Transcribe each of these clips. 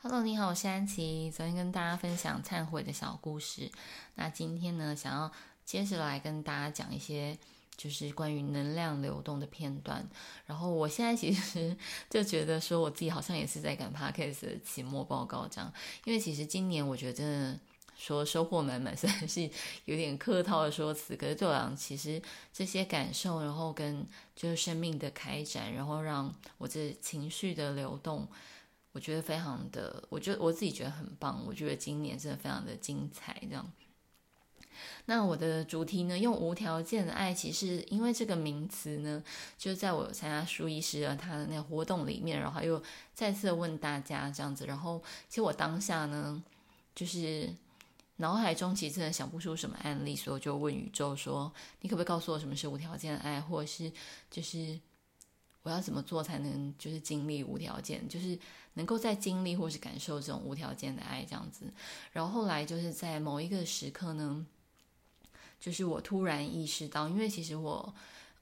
Hello，你好，我是安琪。昨天跟大家分享懺悔的小故事，那今天呢，想要接着來跟大家講一些就是關於能量流動的片段。然後我現在其實就覺得說，我自己好像也是在趕 Podcast 的期末報告這樣。因為其實今年我覺得說收穫滿滿，雖然是有點客套的說辭，可是就好像其實這些感受，然後跟就是生命的開展，然後讓我這情緒的流動。我覺得非常的，我覺得我自己覺得很棒。我覺得今年真的非常的精彩，這樣。那我的主題呢，用無條件的愛，其實因為這個名詞呢，就在我參加書醫師的、啊、他的那個活動裡面，然後又再次問大家這樣子。然後，其實我當下呢，就是腦海中其實想不出什麼案例，所以我就問宇宙說：“你可不可以告訴我什麼是無條件的愛，或者是就是我要怎麼做才能就是經歷無條件？”就是。能夠在經歷或是感受這種無條件的愛，這樣子，然後後來就是在某一個時刻呢，就是我突然意識到，因為其實我，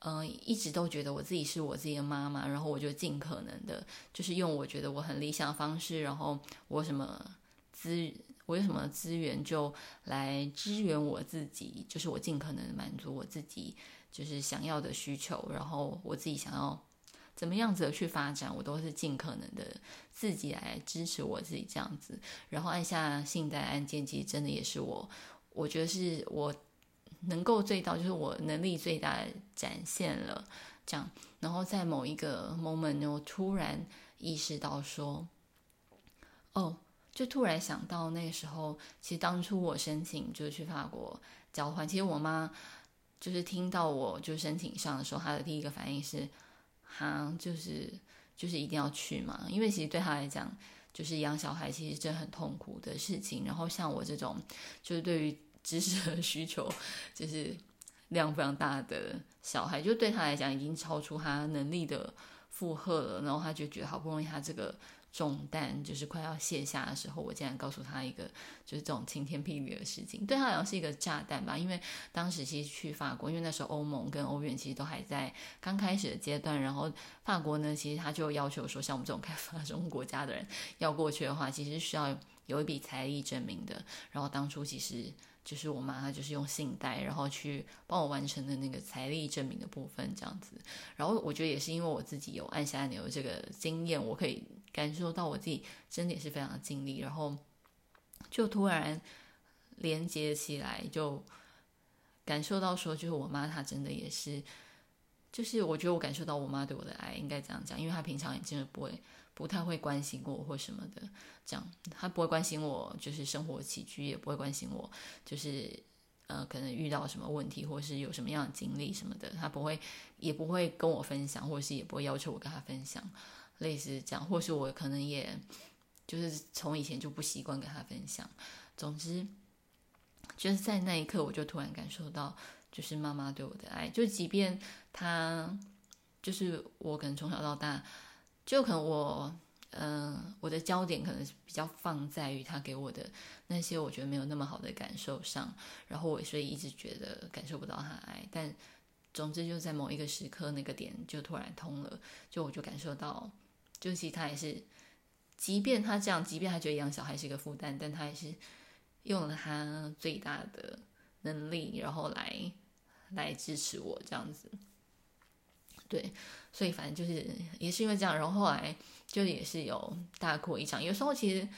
嗯、呃，一直都覺得我自己是我自己的媽媽，然後我就盡可能的，就是用我覺得我很理想的方式，然後我什麼資，我有什麼資源就來支援我自己，就是我盡可能的滿足我自己就是想要的需求，然後我自己想要，怎麼樣子的去發展，我都是盡可能的自己來支持我自己這樣子。然後按下信貸按鍵，其實真的也是我，我覺得是我能夠做到，就是我能力最大的展現了。這樣，然後在某一個 moment，我突然意識到說，哦，就突然想到那個時候，其實當初我申請就去法國交換，其實我媽就是聽到我就申請上的時候，她的第一個反應是。他、啊、就是就是一定要去嘛，因為其實對他來講，就是養小孩其實真很痛苦的事情。然後像我這種，就是對於知識和需求，就是量非常大的小孩，就對他來講已經超出他能力的負荷了。然後他就覺得好不容易他這個。重擔就是快要卸下的時候，我竟然告訴他一個就是這種晴天霹靂的事情，對他好像是一個炸彈吧，因為當時其實去法國，因為那時候歐盟跟歐元其實都還在剛開始的階段，然後法國呢，其實他就要求說，像我們這種開發中國家的人要過去的話，其實需要有一筆財力證明的，然後當初其實。就是我媽，她就是用信貸，然後去幫我完成的那個財力證明的部分，這樣子。然後我覺得也是因為我自己有按下按鈕這個經驗，我可以感受到我自己真的也是非常的盡力，然後就突然連接起來，就感受到說，就是我媽她真的也是，就是我覺得我感受到我媽對我的愛，應該這樣講，因為她平常也真的不會。不太會關心我或什麼的，這樣他不會關心我，就是生活起居也不會關心我，就是呃，可能遇到什麼問題或者是有什麼樣的經歷什麼的，他不會，也不會跟我分享，或是也不會要求我跟他分享，類似這樣，或是我可能也，就是從以前就不習慣跟他分享。總之，就是在那一刻，我就突然感受到，就是媽媽對我的愛，就即便他，就是我可能從小到大。就可能我，嗯、呃，我的焦點可能是比較放在於他給我的那些我覺得沒有那麼好的感受上，然後我所以一直覺得感受不到他愛。但總之就在某一個時刻，那個點就突然通了，就我就感受到，就其實他也是，即便他這樣，即便他覺得養小孩是一個負擔，但他還是用了他最大的能力，然後來來支持我這樣子。對，所以反正就是也是因為這樣，然後後來就也是有大哭一場。有時候其實，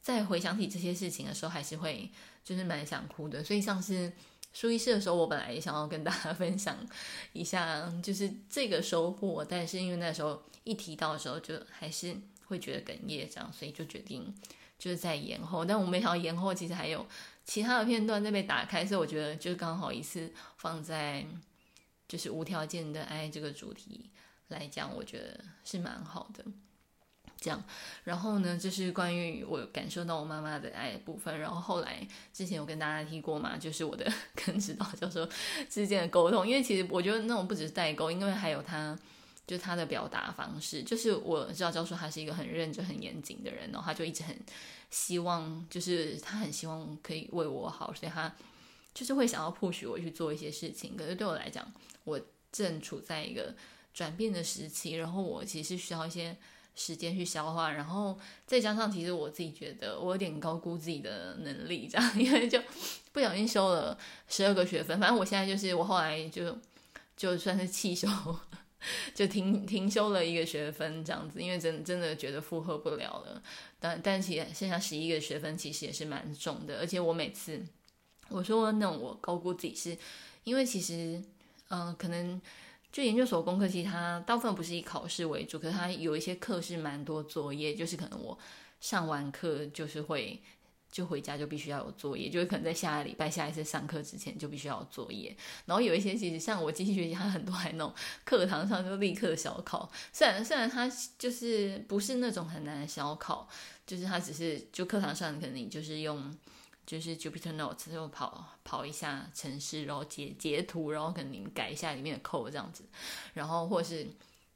在回想起這些事情的時候，還是會就是蠻想哭的。所以像是蘇儀式的時候，我本來也想要跟大家分享一下就是這個收穫，但是因為那時候一提到的時候，就還是會覺得哽咽這樣，所以就決定就是在延後。但我沒想到延後其實還有其他的片段在被打開，所以我覺得就是剛好一次放在，就是無條件的愛這個主題來講，我覺得是蠻好的。這樣，然後呢，就是關於我感受到我媽媽的愛的部分。然後後來之前有跟大家提過嘛，就是我的跟指導教授之間的溝通，因為其實我覺得那種不只是代溝，因為還有他就是他的表達方式。就是我指導教授他是一個很認真、很嚴謹的人，哦，然後他就一直很希望，就是他很希望可以為我好，所以他。就是會想要 push 我去做一些事情，可是對我來講，我正處在一個轉變的時期，然後我其實需要一些時間去消化，然後再加上其實我自己覺得我有點高估自己的能力，這樣。因為就不小心修了十二個學分，反正我現在就是我後來就就算是棄修，就停停修了一個學分這樣子，因為真真的覺得負荷不了了，但但其實剩下十一個學分其實也是蠻重的，而且我每次。我說，那種我高估自己，是因為其實，嗯、呃，可能就研究所功課，其實它大部分不是以考試為主，可是它有一些課是蠻多作業，就是可能我上完課就是會就回家就必須要有作業，就是可能在下個禮拜下一次上課之前就必須要有作業。然後有一些其實像我經濟學，它很多還弄課堂上就立刻小考，雖然雖然它就是不是那種很難的小考，就是它只是就課堂上可能你就是用。就是 Jupyter Notes，就跑跑一下程式，然後截截圖，然後可能你們改一下裡面的 code 這樣子，然後或是，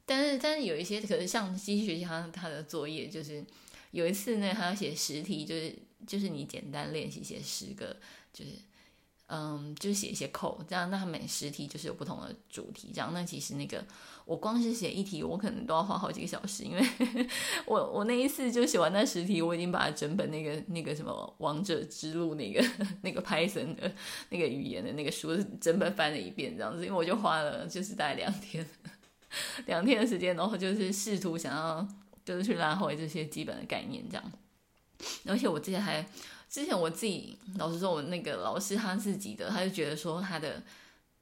但是但是有一些可能像機器學習他它的作業就是有一次呢，他要寫十題，就是就是你簡單練習寫十個，就是嗯，就是寫一些 code 這樣，那它每十題就是有不同的主題這樣，那其實那個。我光是寫一題，我可能都要花好幾個小時，因為我我那一次就寫完那十題，我已經把整本那個那個什麼王者之路那個那個 Python 的那個語言的那個書整本翻了一遍，這樣子，因為我就花了就是大概兩天兩天的時間，然後就是試圖想要就是去拉回這些基本的概念這樣，而且我之前還之前我自己老實說，我那個老師他自己的他就覺得說他的。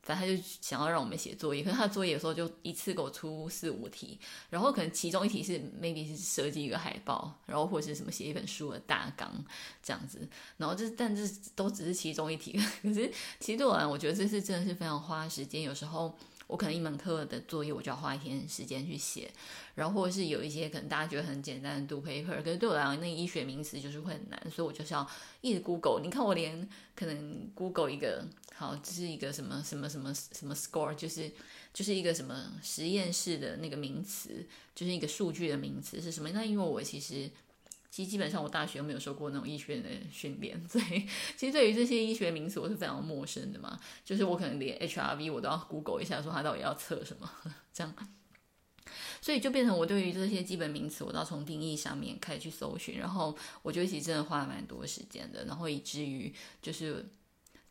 反正他就想要讓我們寫作業，可是他的作業有時候就一次給我出四五題，然後可能其中一題是 maybe 是設計一個海報，然後或者是什麼寫一本書的大綱這樣子，然後這但這都只是其中一題。可是其實對我來講，我覺得這是真的是非常花時間。有時候我可能一門課的作業我就要花一天時間去寫，然後或者是有一些可能大家覺得很簡單的 do paper，可是對我來講，那醫學名詞就是會很難，所以我就是要一直 Google。你看我連可能 Google 一個。好，這是一個什麼什麼什麼什麼 score，就是就是一個什麼實驗室的那個名詞，就是一個數據的名詞是什麼？那因為我其實其實基本上我大學沒有受過那種醫學的訓練，所以其實對於這些醫學名詞我是非常陌生的嘛。就是我可能連 HRV 我都要 Google 一下，說它到底要測什麼這樣。所以就變成我對於這些基本名詞，我都從定義上面開始去搜尋，然後我覺得其實真的花了蠻多時間的，然後以至於就是。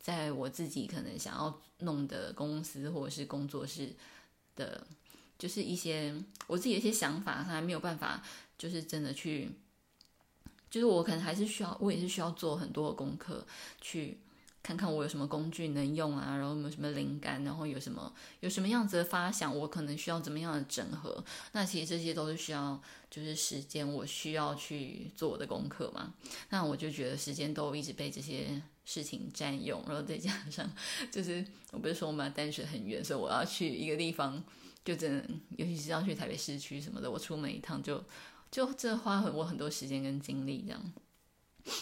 在我自己可能想要弄的公司或者是工作室的，就是一些我自己有一些想法，他還沒有辦法，就是真的去，就是我可能還是需要，我也是需要做很多的功課去。看看我有什麼工具能用啊，然後有沒有什麼靈感，然後有什麼有什麼樣子的發想，我可能需要怎麼樣的整合？那其實這些都是需要，就是時間，我需要去做我的功課嘛。那我就覺得時間都一直被這些事情占用，然後再加上，就是我不是說嘛，淡水很遠，所以我要去一個地方，就真的，尤其是要去台北市區什麼的，我出門一趟就就這花很，我很多時間跟精力這樣。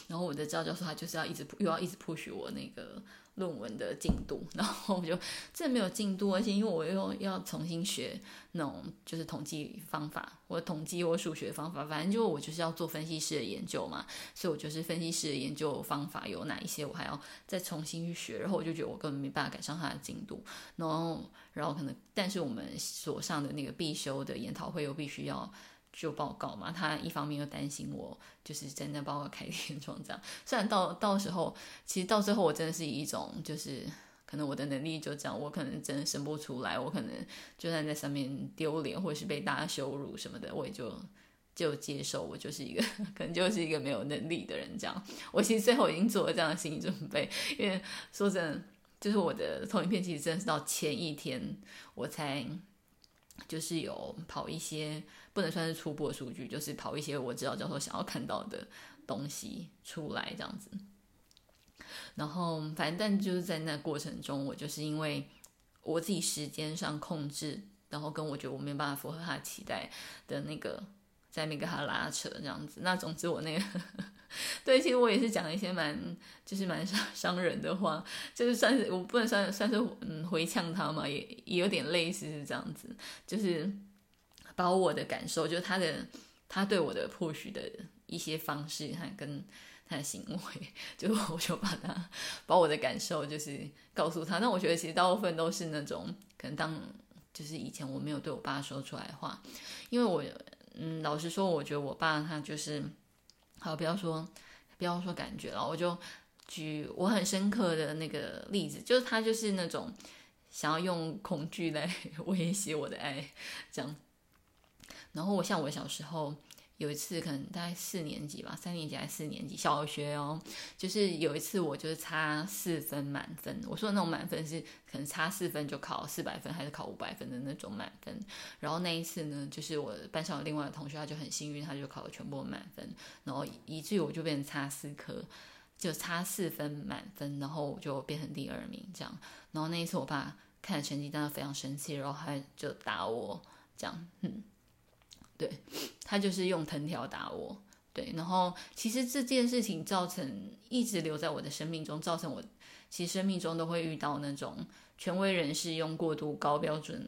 然後我的教教授，他就是要一直又要一直 push 我那個論文的進度，然後我就這沒有進度，而且因為我又要重新學那種就是統計方法，我統計或數學的方法，反正就我就是要做分析師的研究嘛，所以我就是分析師的研究方法有哪一些我還要再重新去學，然後我就覺得我根本沒辦法趕上他的進度，然後然後可能，但是我們所上的那個必修的研討會又必須要。就報告嘛，他一方面又擔心我，就是真的報告開天窗這樣。雖然到到時候，其實到最後，我真的是一種，就是可能我的能力就這樣，我可能真的生不出來，我可能就算在上面丟臉或者是被大家羞辱什麼的，我也就就接受，我就是一個可能就是一個沒有能力的人這樣。我其實最後已經做了這樣的心理準備，因為說真的，就是我的投影片，其實真的是到前一天我才就是有跑一些。不能算是初步的數據，就是跑一些我知道教授想要看到的東西出來這樣子。然後反正，但就是在那過程中，我就是因為我自己時間上控制，然後跟我覺得我沒辦法符合他期待的那個，在那邊跟他拉扯這樣子。那總之，我那個呵呵對，其實我也是講一些蠻就是蠻傷傷人的話，就是算是我不能算、算是嗯回、回嗆他嘛，也、也有點類似是這樣子，就是。把我的感受，就是他的，他對我的 push 的一些方式，他跟他的行為，就我就把他，把我的感受，就是告訴他。那我覺得其實大部分都是那種，可能當就是以前我沒有對我爸說出來的話，因為我，嗯，老實說，我覺得我爸他就是，好，不要說，不要說感覺了，我就舉我很深刻的那個例子，就是他就是那種想要用恐懼來威脅我的愛，這樣。然後我像我小時候有一次，可能大概四年級吧，三年級還是四年級，小學哦，就是有一次我就是差四分滿分。我說的那種滿分是可能差四分就考四百分還是考五百分的那種滿分。然後那一次呢，就是我班上的另外的同學他就很幸運，他就考了全部滿分，然後以至於我就變成差四科，就差四分滿分，然後我就變成第二名這樣。然後那一次我爸看了成績單非常生氣，然後他就打我這樣，嗯。對，他就是用藤條打我。對，然後其實這件事情造成一直留在我的生命中，造成我其實生命中都會遇到那種權威人士用過度高標準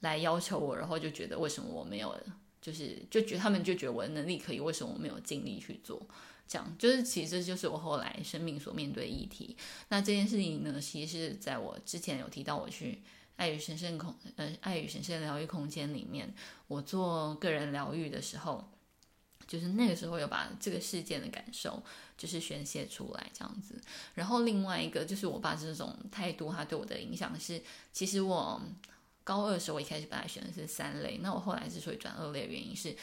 來要求我，然後就覺得為什麼我沒有，就是就覺得他們就覺得我的能力可以，為什麼我沒有盡力去做？這樣就是其實就是我後來生命所面對的議題。那這件事情呢，其實在我之前有提到我去愛與神聖空，呃，愛與神聖療癒空間裡面。我做個人療癒的時候，就是那個時候有把這個事件的感受就是宣洩出來這樣子。然後另外一個就是我爸這種態度，他對我的影響是，其實我高二的時候我一開始本來選的是三類，那我後來之所以轉二類的原因是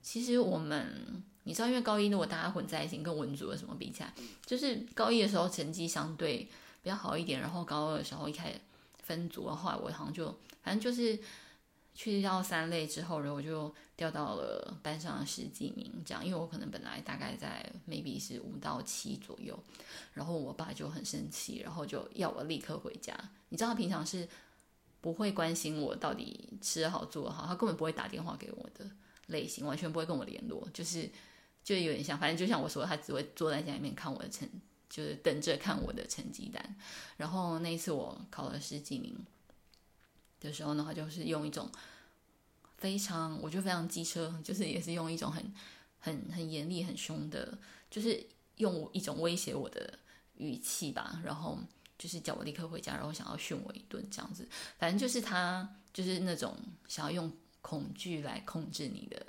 其實我們你知道，因為高一如果大家混在一起，跟文組的什麼比起來，就是高一的時候成績相對比較好一點，然後高二的時候一開始分組，然後，後來我好像就反正就是。去掉三類之後，然後我就掉到了班上的十幾名這樣，因為我可能本來大概在 maybe 是五到七左右，然後我爸就很生氣，然後就要我立刻回家。你知道，他平常是不會關心我到底吃得好做得好，他根本不會打電話給我的類型，完全不會跟我聯絡，就是就有點像，反正就像我說，他只會坐在家裡面看我的成，就是等着看我的成績單。然後那一次我考了十幾名。的時候呢，他就是用一種非常，我覺得非常機車，就是也是用一種很、很、很嚴厲、很凶的，就是用一種威脅我的語氣吧，然後就是叫我立刻回家，然後想要訓我一頓這樣子。反正就是他就是那種想要用恐懼來控制你的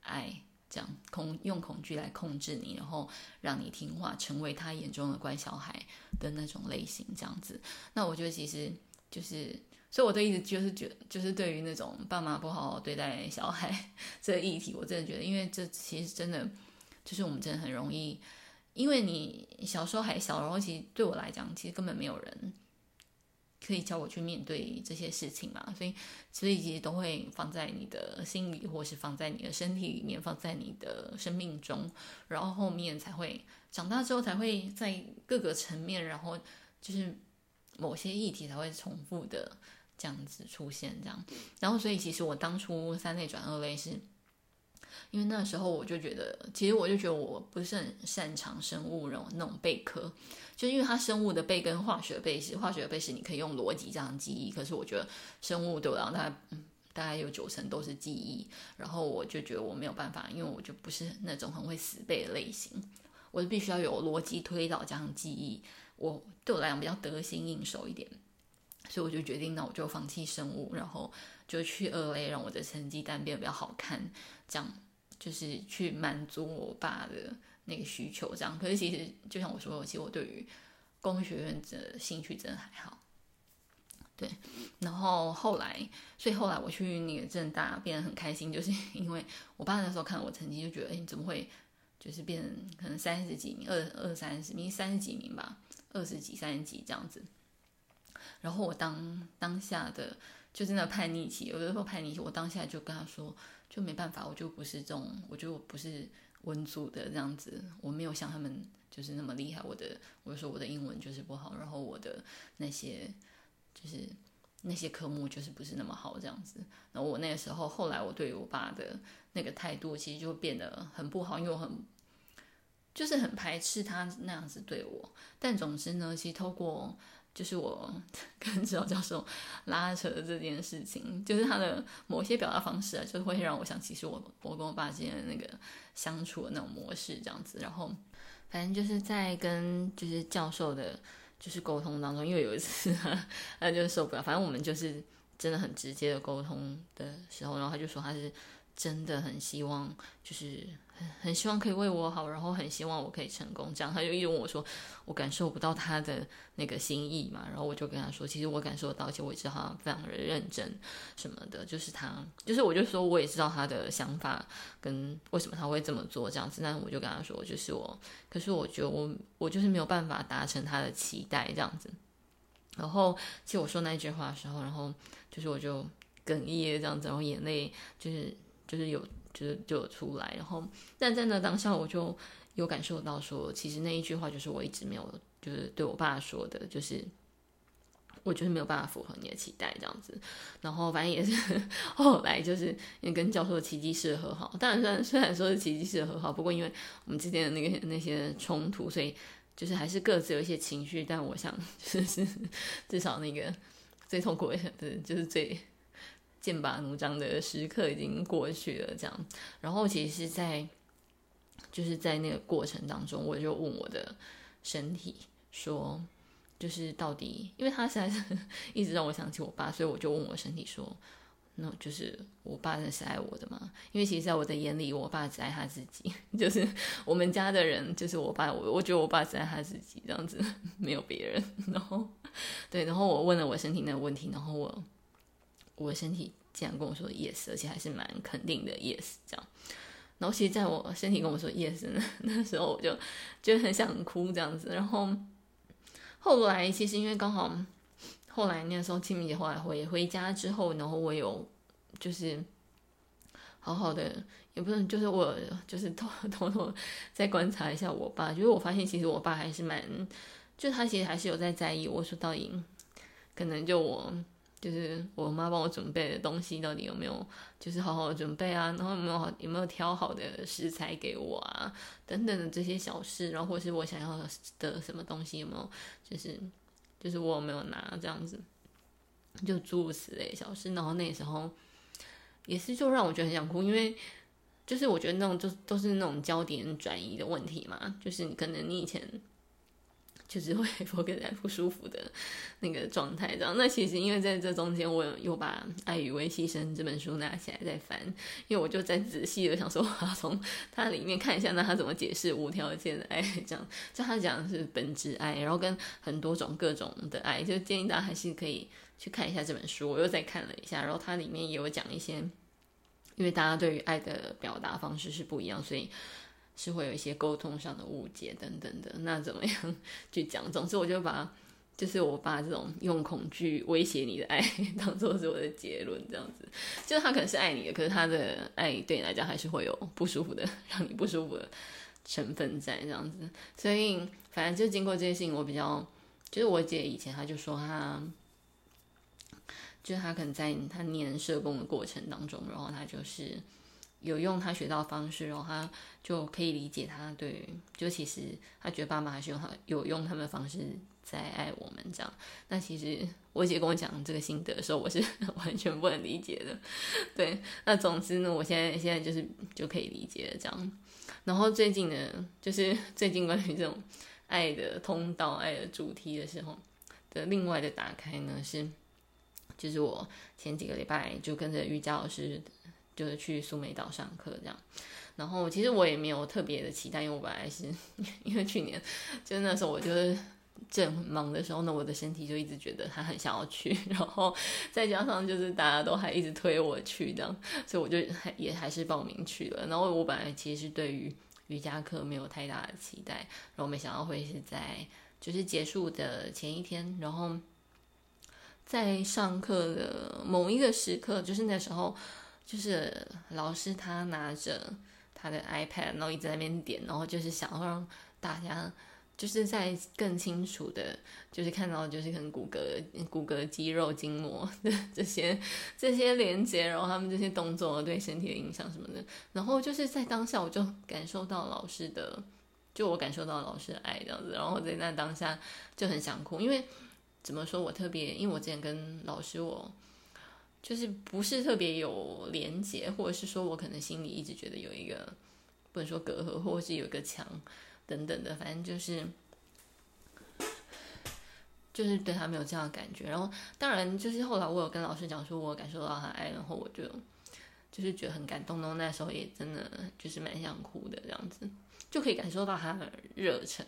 愛，這樣，恐，用恐懼來控制你，然後讓你聽話，成為他眼中的乖小孩的那種類型，這樣子。那我覺得其實就是。所以，我都一直就是覺，就是對於那種爸媽不好好對待小孩這個議題，我真的覺得，因為這其實真的就是我們真的很容易，因為你小時候還小，然後其實對我來講，其實根本沒有人可以叫我去面對這些事情嘛。所以，所以其實都會放在你的心裡，或是放在你的身體裡面，放在你的生命中，然後後面才會長大之後才會在各個層面，然後就是某些議題才會重復的。這樣子出現，這樣，然後所以其實我當初三類轉二類，是因為那時候我就覺得，其實我就覺得我不是很擅長生物那種那種背科，就因為它生物的背跟化學背是，化學背是你可以用邏輯這樣的記憶，可是我覺得生物對我來講大概嗯，大概有九成都是記憶，然後我就覺得我沒有辦法，因為我就不是那種很會死背的類型，我就必須要有邏輯推導這樣的記憶，我對我來講比較得心應手一點。所以我就決定，那我就放棄生物，然後就去二類，讓我的成績單變得比較好看，這樣就是去滿足我爸的那個需求。這樣，可是其實就像我說，其實我對於工學院的興趣真的還好。對，然後後來，所以後來我去那個政大變得很開心，就是因為我爸那時候看我成績就覺得，哎，你怎麼會就是變成可能三十幾名、二二三十名、三十幾名吧，二十幾、三十幾這樣子。然後我當當下的就真的叛逆期，有的時候叛逆期，我當下就跟他說，就沒辦法，我就不是這種，我就我不是文組的這樣子，我沒有像他們就是那麼厲害。我的，我就說我的英文就是不好，然後我的那些就是那些科目就是不是那麼好這樣子。然後我那個時候，後來我對於我爸的那個態度其實就變得很不好，因為我很就是很排斥他那樣子對我。但總之呢，其實透過。就是我跟趙教授拉扯的這件事情，就是他的某些表達方式啊，就會讓我想，其實我我跟我爸之間的那個相處的那種模式這樣子。然後，反正就是在跟就是教授的，就是溝通當中，因為有一次他，他就受不了，反正我們就是真的很直接的溝通的時候，然後他就說他是。真的很希望，就是很很希望可以為我好，然後很希望我可以成功。這樣，他就一直問我說：“我感受不到他的那個心意嘛？”然後我就跟他說：“其實我感受到，而且我也知道他非常的認真什麼的。就是他，就是我就說我也知道他的想法跟為什麼他會這麼做這樣子。但是我就跟他說，就是我，可是我覺得我我就是沒有辦法達成他的期待這樣子。然後，其實我說那句話的時候，然後就是我就哽咽這樣子，然後眼淚就是。就是有，就是就有出來，然後但在那當下我就有感受到說，其實那一句話就是我一直沒有就是對我爸說的，就是我覺得沒有辦法符合你的期待這樣子。然後反正也是後來就是因為跟教授的奇蹟式和好，當然雖然雖然說是奇蹟式和好，不過因為我們之間的那個那些衝突，所以就是還是各自有一些情緒。但我想就是至少那個最痛苦的，就是最。劍拔弩張的時刻已經過去了，這樣，然後其實，在就是在那個過程當中，我就問我的身體說，就是到底，因為他實在是一直讓我想起我爸，所以我就問我身體說，那就是我爸真是愛我的嗎？因為其實，在我的眼裡，我爸只愛他自己，就是我們家的人，就是我爸，我我覺得我爸只愛他自己，這樣子，沒有別人。然後，對，然後我問了我身體那個問題，然後我。我的身體竟然跟我說 yes，而且還是蠻肯定的 yes，這樣。然後其實在我身體跟我說 yes 那時候，我就就很想哭這樣子。然後後來其實因為剛好後來那個時候清明節，後來回回家之後，然後我有就是好好的，也不能就是我就是偷偷偷再觀察一下我爸，就是我發現其實我爸還是蠻，就他其實還是有在在意我說到底，可能就我。就是我媽幫我準備的東西到底有沒有，就是好好的準備啊？然後有沒有有沒有挑好的食材給我啊？等等的這些小事，然後或是我想要的什麼東西有沒有，就是就是我有沒有拿這樣子，就諸如此類小事。然後那時候也是就讓我覺得很想哭，因為就是我覺得那種就都是那種焦點轉移的問題嘛，就是你可能你以前。就是會活在不舒服的那個狀態，這樣。那其實因為在這中間，我又把《愛與微犧牲》這本書拿起來再翻，因為我就在仔細的想說，我要從它裡面看一下，那他怎麼解釋無條件的愛，這樣。就他講的是本質愛，然後跟很多種各種的愛，就建議大家還是可以去看一下這本書。我又再看了一下，然後它裡面也有講一些，因為大家對於愛的表達方式是不一樣，所以。是會有一些溝通上的誤解等等的，那怎麼樣去講？總之我就把就是我爸這種用恐懼威脅你的愛，當做是我的結論，這樣子。就是他可能是愛你的，可是他的愛對你來講還是會有不舒服的，讓你不舒服的成分在這樣子。所以反正就經過這些事情，我比較就是我姐以前她就說她，就是她可能在她念社工的過程當中，然後她就是。有用他學到的方式、哦，然後他就可以理解他，對，就其實他覺得爸媽還是用他有用他們的方式在愛我們這樣。那其實我姐跟我講這個心得的時候，我是完全不能理解的。對，那總之呢，我現在現在就是就可以理解了這樣。然後最近呢，就是最近關於這種愛的通道、愛的主題的時候的另外的打開呢，是就是我前幾個禮拜就跟着瑜伽老師。就是去蘇梅島上課這樣，然後其實我也沒有特別的期待，因為我本來是，因為去年就是那時候我就是正忙的時候呢，那我的身體就一直覺得他很想要去，然後再加上就是大家都還一直推我去，這樣，所以我就還也還是報名去了。然後我本來其實是對於瑜伽課沒有太大的期待，然後沒想到會是在就是結束的前一天，然後在上課的某一個時刻，就是那時候。就是老師他拿着他的 iPad，然後一直在那邊點，然後就是想要讓大家就是在更清楚的，就是看到就是可能骨骼、骨骼、肌肉、筋膜的這些這些連接，然後他們這些動作對身體的影響什麼的。然後就是在當下，我就感受到老師的，就我感受到老師的愛這樣子。然後在那當下就很想哭，因為怎麼說我特別，因為我之前跟老師我。就是不是特別有連結，或者是說我可能心裡一直覺得有一個不能說隔閡，或者是有一個牆等等的，反正就是就是對他沒有這樣的感覺。然後當然就是後來我有跟老師講說我感受到他愛，然後我就就是覺得很感動。那時候也真的就是蠻想哭的這樣子，就可以感受到他的熱忱，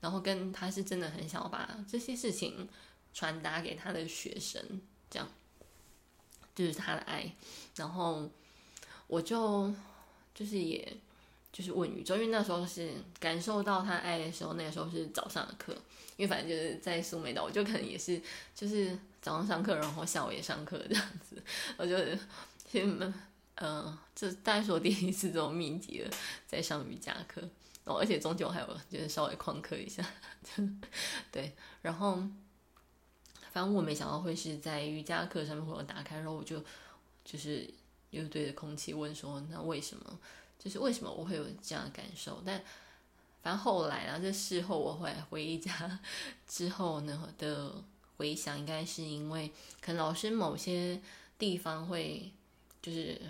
然後跟他是真的很想把這些事情傳達給他的學生這樣。就是他的愛，然後我就就是也就是問宇宙，因為那時候是感受到他愛的時候，那個時候是早上的課，因為反正就是在蘇梅島，我就可能也是就是早上上課，然後下午也上課這樣子，我就嗯，這、呃、大概是我第一次這麼密集的在上瑜伽課，然後、哦、而且中間還有就是稍微曠課一下，對，然後。反正我沒想到會是在瑜伽課上面，會有打開，然後我就就是又對着空氣問說：“那為什麼？就是為什麼我會有這樣的感受？”但反正後來、啊，然後事後我回來回家之後呢的回想，應該是因為可能老師某些地方會就是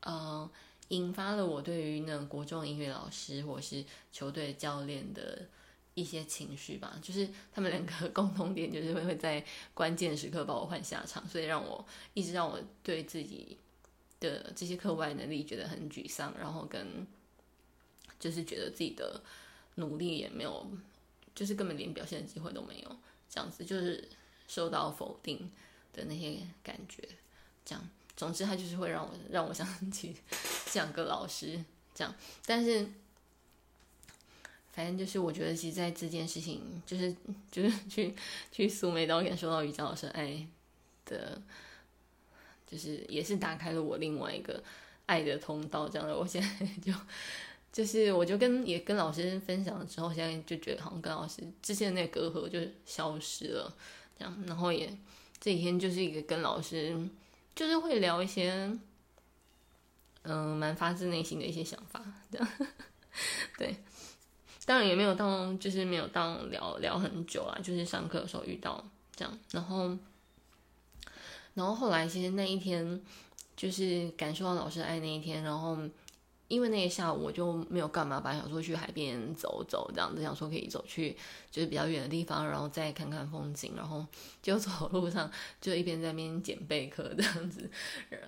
呃引發了我對於那種國中音樂老師或者是球隊教練的。一些情緒吧，就是他們兩個共同點，就是會會在關鍵時刻把我換下場，所以讓我一直讓我對自己的這些課外能力覺得很沮喪，然後跟就是覺得自己的努力也沒有，就是根本連表現的機會都沒有，這樣子就是受到否定的那些感覺，這樣。總之，他就是會讓我讓我想起兩個老師，這樣。但是。反正就是，我覺得其實，在這件事情，就是，就是就是去去蘇梅島，當感受到瑜伽老師愛的，就是也是打開了我另外一個愛的通道，這樣的。我現在就就是，我就跟也跟老師分享了之後，現在就覺得好像跟老師之前的那個隔閡就消失了，這樣。然後也這幾天就是一個跟老師，就是會聊一些，嗯、呃，蠻發自內心的一些想法，這樣對。當然也沒有到，就是沒有到聊聊很久啊。就是上課的時候遇到這樣，然後，然後後來其實那一天，就是感受到老師愛的那一天。然後，因為那一下午我就沒有幹嘛吧，想說去海邊走走這樣子，想說可以走去就是比較遠的地方，然後再看看風景。然後就走路上就一邊在那邊撿貝殼這樣子，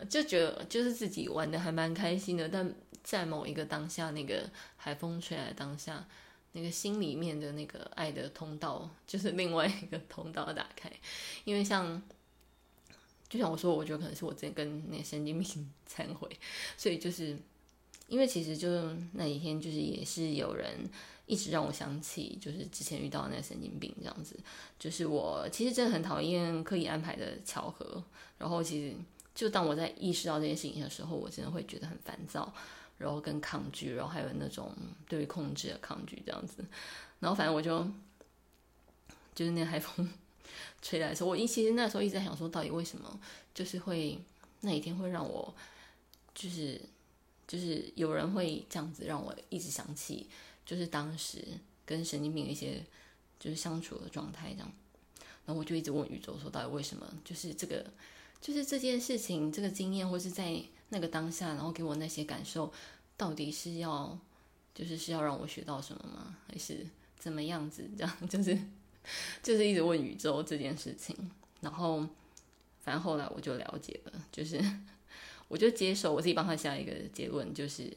就覺得就是自己玩得還蠻開心的。但在某一個當下，那個海風吹來的當下。那個心裡面的那個愛的通道，就是另外一個通道打開，因為像，就像我說，我覺得可能是我之前跟那個神經病懺悔，所以就是，因為其實就那一天，就是也是有人一直讓我想起，就是之前遇到的那個神經病這樣子，就是我其實真的很討厭刻意安排的巧合，然後其實就當我在意識到這件事情的時候，我真的會覺得很煩躁。然後跟抗拒，然後還有那種對於控制的抗拒這樣子，然後反正我就就是那海風吹來的時候，我一其實那時候一直在想說，到底為什麼就是會那一天會讓我就是就是有人會這樣子讓我一直想起，就是當時跟神經病的一些就是相處的狀態這樣，然後我就一直問宇宙說，到底為什麼就是這個就是這件事情這個經驗或是在。那個當下，然後給我那些感受，到底是要，就是是要讓我學到什麼嗎？還是怎麼樣子？這樣就是，就是一直問宇宙這件事情。然後，反正後來我就了解了，就是我就接受我自己幫他下一個結論，就是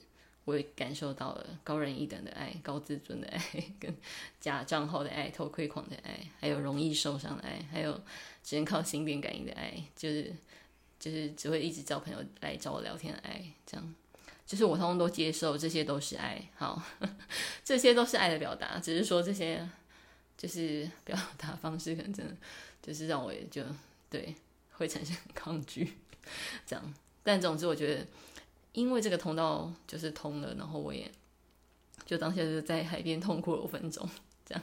我也感受到了高人一等的愛、高自尊的愛、跟假賬號的愛、偷窺狂的愛，還有容易受傷的愛，還有只能靠心電感應的愛，就是。就是只會一直找朋友來找我聊天愛，愛這樣，就是我通通都接受，這些都是愛。好呵呵，這些都是愛的表達，只是說這些就是表達方式，可能真的就是讓我也就對會產生抗拒，這樣。但總之，我覺得因為這個通道就是通了，然後我也就當下就在海邊痛哭了五分鐘，這樣。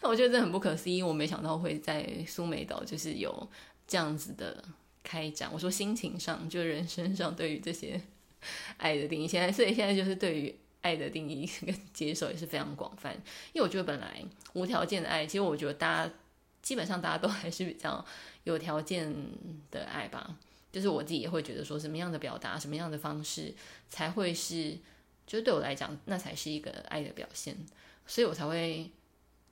那我覺得這很不可思議，我沒想到會在蘇梅島就是有這樣子的。開展我說心情上就人生上對於這些愛的定義，現在所以現在就是對於愛的定義跟接受也是非常廣泛，因為我覺得本來無條件的愛，其實我覺得大家基本上大家都還是比較有條件的愛吧，就是我自己也會覺得說什麼樣的表達、什麼樣的方式才會是，就對我來講那才是一個愛的表現，所以我才會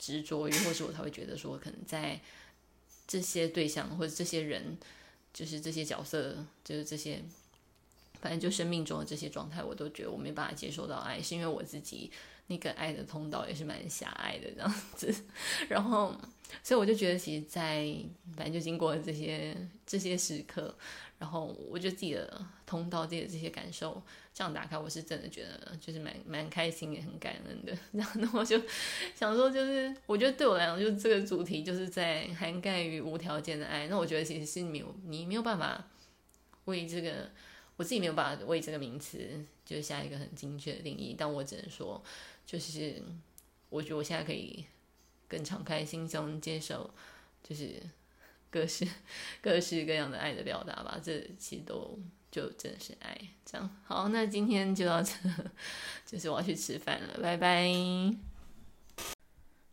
執着於，或者我才會覺得說可能在這些對象或者這些人。就是這些角色，就是這些，反正就生命中的這些狀態，我都覺得我沒辦法接受到愛，是因為我自己那個愛的通道也是蠻狹隘的這樣子。然後，所以我就覺得，其實在，在反正就經過這些這些時刻，然後，我就自己的通道，自己的這些感受。這樣打開，我是真的覺得就是蠻蠻開心，也很感恩的。然後那我就想說，就是我覺得對我來講就是這個主題就是在涵蓋於無條件的愛。那我覺得其實是你沒有，你沒有辦法為這個，我自己沒有辦法為這個名詞就是下一個很精確的定義。但我只能說，就是我覺得我現在可以更敞開心胸接受，就是各式，各式各式各樣的愛的表達吧。這其實都。就真是愛這樣，好，那今天就到這，就是我要去吃飯了，拜拜。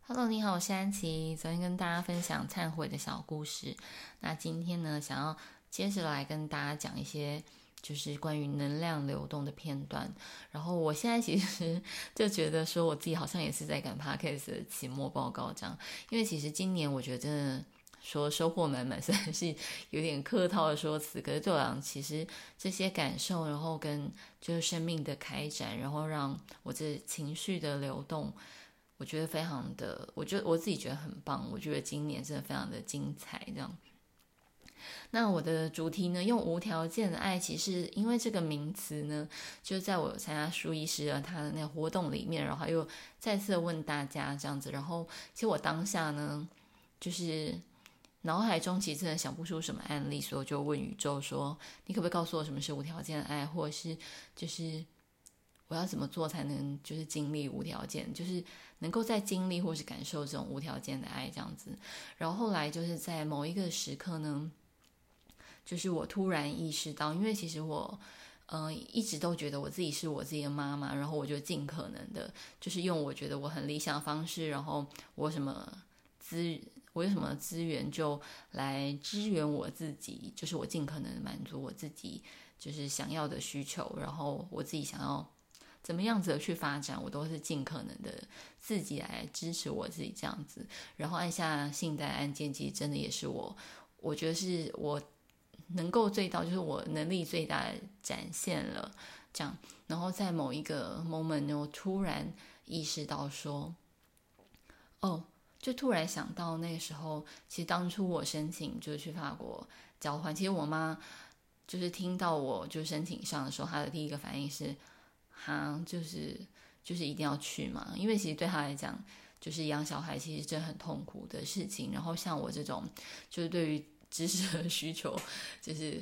Hello，你好，我是安琪。昨天跟大家分享懺悔的小故事，那今天呢，想要接着來跟大家講一些就是關於能量流動的片段。然後我現在其實就覺得說，我自己好像也是在趕 podcast 的期末報告這樣，因為其實今年我覺得。說收穫滿滿，雖然是有點客套的說辭，可是對我來講其實這些感受，然後跟就是生命的開展，然後讓我這情緒的流動，我覺得非常的，我覺得我自己覺得很棒。我覺得今年真的非常的精彩，這樣。那我的主題呢，用無條件的愛，其實因為這個名詞呢，就是在我參加書醫師的、啊、他的那個活動裡面，然後又再次問大家這樣子，然後其實我當下呢，就是。腦海中其實想不出什麼案例，所以我就問宇宙說：“你可不可以告訴我什麼是無條件的愛，或者是就是我要怎麼做才能就是經歷無條件，就是能夠在經歷或是感受這種無條件的愛這樣子？”然後後來就是在某一個時刻呢，就是我突然意識到，因為其實我嗯、呃、一直都覺得我自己是我自己的媽媽，然後我就儘可能的，就是用我覺得我很理想的方式，然後我什麼資。我有什麼資源就來支援我自己，就是我盡可能的滿足我自己就是想要的需求，然後我自己想要怎麼樣子去發展，我都是盡可能的自己來支持我自己這樣子。然後按下信貸按鍵，其實真的也是我，我覺得是我能夠最大，就是我能力最大展現了。這樣，然後在某一個 moment，我突然意識到說，哦。就突然想到，那個時候其實當初我申請就去法國交換，其實我媽就是聽到我就申請上的時候，她的第一個反應是，哈，就是就是一定要去嘛，因為其實對她來講，就是養小孩其實真很痛苦的事情。然後像我這種就是對於知識和需求就是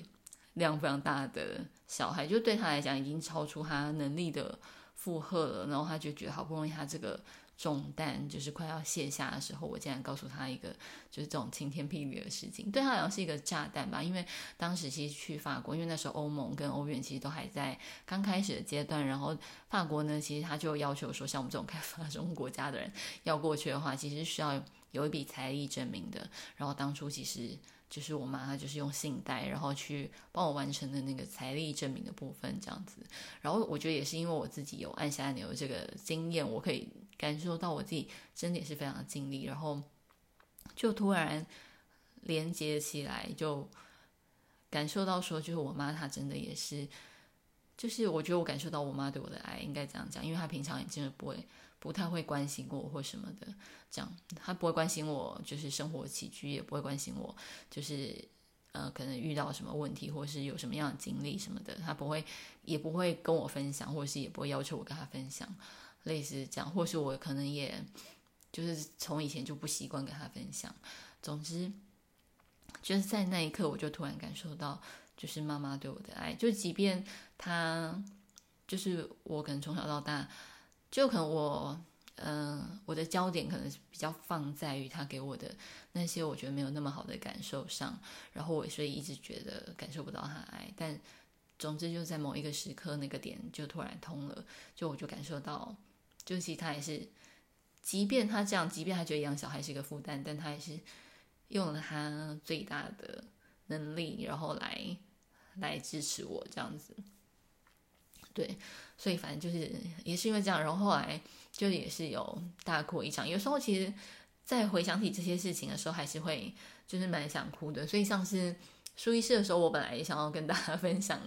量非常大的小孩，就對她來講已經超出她能力的負荷了。然後她就覺得好不容易她這個。重擔就是快要卸下的時候，我竟然告訴他一個就是這種晴天霹靂的事情，對他好像是一個炸彈吧，因為當時其實去法國，因為那時候歐盟跟歐元其實都還在剛開始的階段，然後法國呢，其實他就要求說，像我們這種開發中國家的人要過去的話，其實需要有一筆財力證明的。然後當初其實就是我媽，她就是用信貸，然後去幫我完成的那個財力證明的部分，這樣子。然後我覺得也是因為我自己有按下按鈕這個經驗，我可以。感受到我自己真的也是非常的盡力，然後就突然連接起來，就感受到說，就是我媽她真的也是，就是我覺得我感受到我媽對我的愛，應該這樣講，因為她平常也真的不會，不太會關心過我或什麼的，這樣她不會關心我，就是生活起居也不會關心我，就是呃，可能遇到什麼問題或者是有什麼樣的經歷什麼的，她不會，也不會跟我分享，或者是也不會要求我跟她分享。類似這樣，或是我可能也，就是從以前就不習慣跟他分享。總之，就是在那一刻，我就突然感受到，就是媽媽對我的愛。就即便她，就是我可能從小到大，就可能我，嗯、呃，我的焦點可能是比較放在於她給我的那些我覺得沒有那麼好的感受上，然後我所以一直覺得感受不到她愛。但總之就在某一個時刻，那個點就突然通了，就我就感受到。就其實他也是，即便他這樣，即便他覺得養小孩是一個負擔，但他也是用了他最大的能力，然後來來支持我這樣子。對，所以反正就是也是因為這樣，然後後來就也是有大哭一場。有時候其實，在回想起這些事情的時候，還是會就是蠻想哭的。所以像是。書儀式的時候，我本來也想要跟大家分享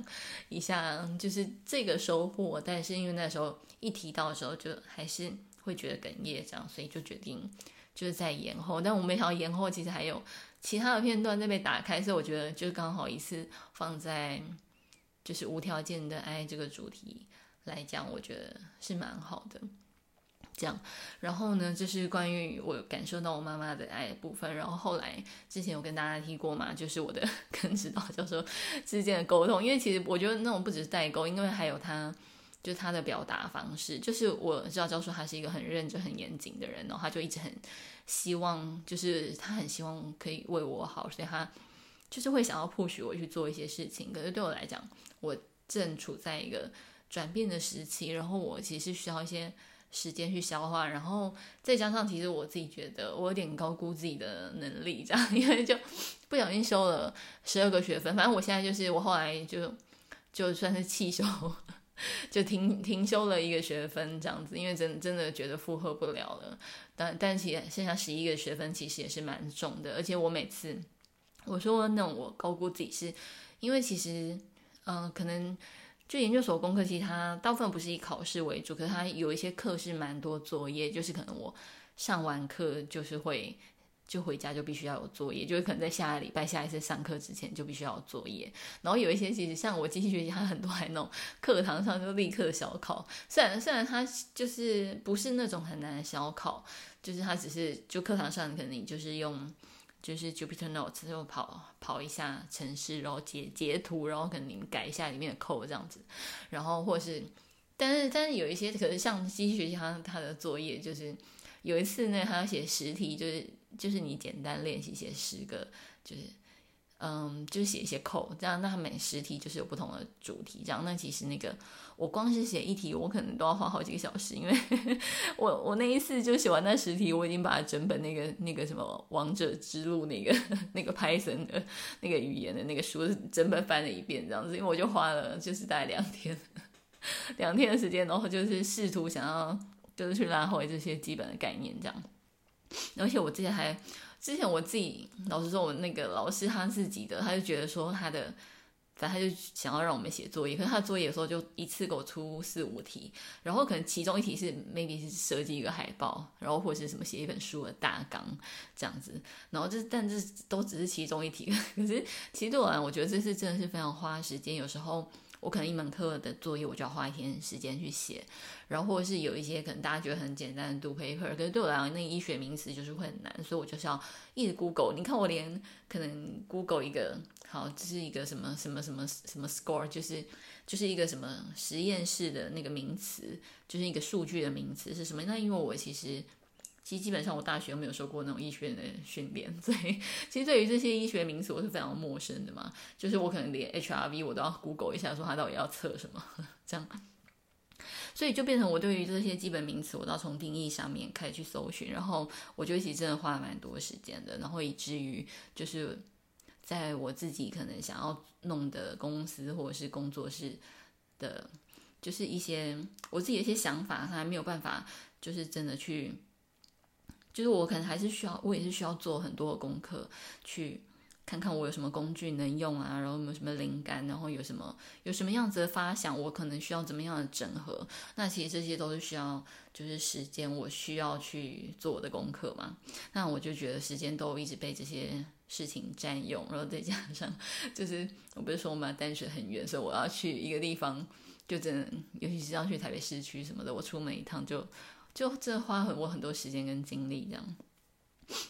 一下，就是這個收穫。但是因為那時候一提到的時候，就還是會覺得哽咽這樣，所以就決定就是再延後。但我沒想到延後，其實還有其他的片段在被打開。所以我覺得，就是剛好一次放在就是無條件的愛這個主題來講，我覺得是蠻好的。這樣，然後呢，就是關於我感受到我媽媽的愛的部分。然後後來之前有跟大家提過嘛，就是我的跟指導教授之間的溝通。因為其實我覺得那種不只是代溝，因為還有他，就他的表達方式。就是我指導教授他是一個很認真、很嚴謹的人，哦，然後他就一直很希望，就是他很希望可以為我好，所以他就是會想要 push 我去做一些事情。可是對我來講，我正處在一個轉變的時期，然後我其實需要一些。時間去消化，然後再加上，其實我自己覺得我有點高估自己的能力，這樣，因為就不小心修了十二個學分，反正我現在就是，我後來就就算是棄修，就停停修了一個學分這樣子，因為真的真的覺得負荷不了了。但但其實剩下十一個學分其實也是蠻重的，而且我每次我說那我高估自己是，是因為其實嗯、呃，可能。就研究所功課，其實它大部分不是以考試為主，可是它有一些課是蠻多作業，就是可能我上完課就是會就回家就必須要有作業，就是可能在下個禮拜下一次上課之前就必須要有作業。然後有一些其實像我機器學習，它很多還那種課堂上就立刻小考，雖然雖然它就是不是那種很難的小考，就是它只是就課堂上可能你就是用。就是 Jupyter Notes，就跑跑一下程式，然後截截圖，然後可能你們改一下裡面的 code 這樣子，然後或是，但是但是有一些，可是像機器學習它它的作業就是有一次呢，他要寫十題，就是就是你簡單練習寫十個，就是。嗯，就寫一些扣，這樣，那他每十題就是有不同的主題，這樣那其實那個我光是寫一題，我可能都要花好幾個小時，因為 我我那一次就寫完那十題，我已經把整本那個那個什麼王者之路那個那個 Python 的那個語言的那個書整本翻了一遍這樣子，因為我就花了就是大概兩天兩天的時間，然後就是試圖想要就是去拉回這些基本的概念這樣，而且我之前還。之前我自己老實說，我那個老師他自己的，他就覺得說他的，反正他就想要讓我們寫作業，可是他作業的時候就一次給我出四五題，然後可能其中一題是 maybe 是設計一個海報，然後或者是什麼寫一本書的大綱這樣子，然後這但這是都只是其中一題，可是其實對我來，我覺得這次真的是非常花時間，有時候。我可能一門課的作業我就要花一天時間去寫，然後或者是有一些可能大家覺得很簡單的讀 paper，可是對我來講，那醫學名詞就是會很難，所以我就要一直 Google。你看我連可能 Google 一個好，這是一個什麼什麼什麼什麼 score，就是就是一個什麼實驗室的那個名詞，就是一個數據的名詞是什麼？那因為我其實。其實基本上，我大學沒有受過那種醫學的訓練，所以其實對於這些醫學名詞，我是非常陌生的嘛。就是我可能連 HRV 我都要 Google 一下，說它到底要測什麼這樣。所以就變成我對於這些基本名詞，我都要從定義上面開始去搜尋。然後我就一其實真的花了蠻多時間的。然後以至於就是在我自己可能想要弄的公司或者是工作室的，就是一些我自己的一些想法，它還沒有辦法，就是真的去。就是我可能還是需要，我也是需要做很多的功課，去看看我有什麼工具能用啊，然後有沒有什麼靈感，然後有什麼有什麼樣子的發想，我可能需要怎麼樣的整合。那其實這些都是需要，就是時間，我需要去做我的功課嘛。那我就覺得時間都一直被這些事情佔用，然後再加上，就是我不是說嘛，淡水很遠，所以我要去一個地方，就只能，尤其是要去台北市區什麼的，我出門一趟就。就這花我很多時間跟精力這樣，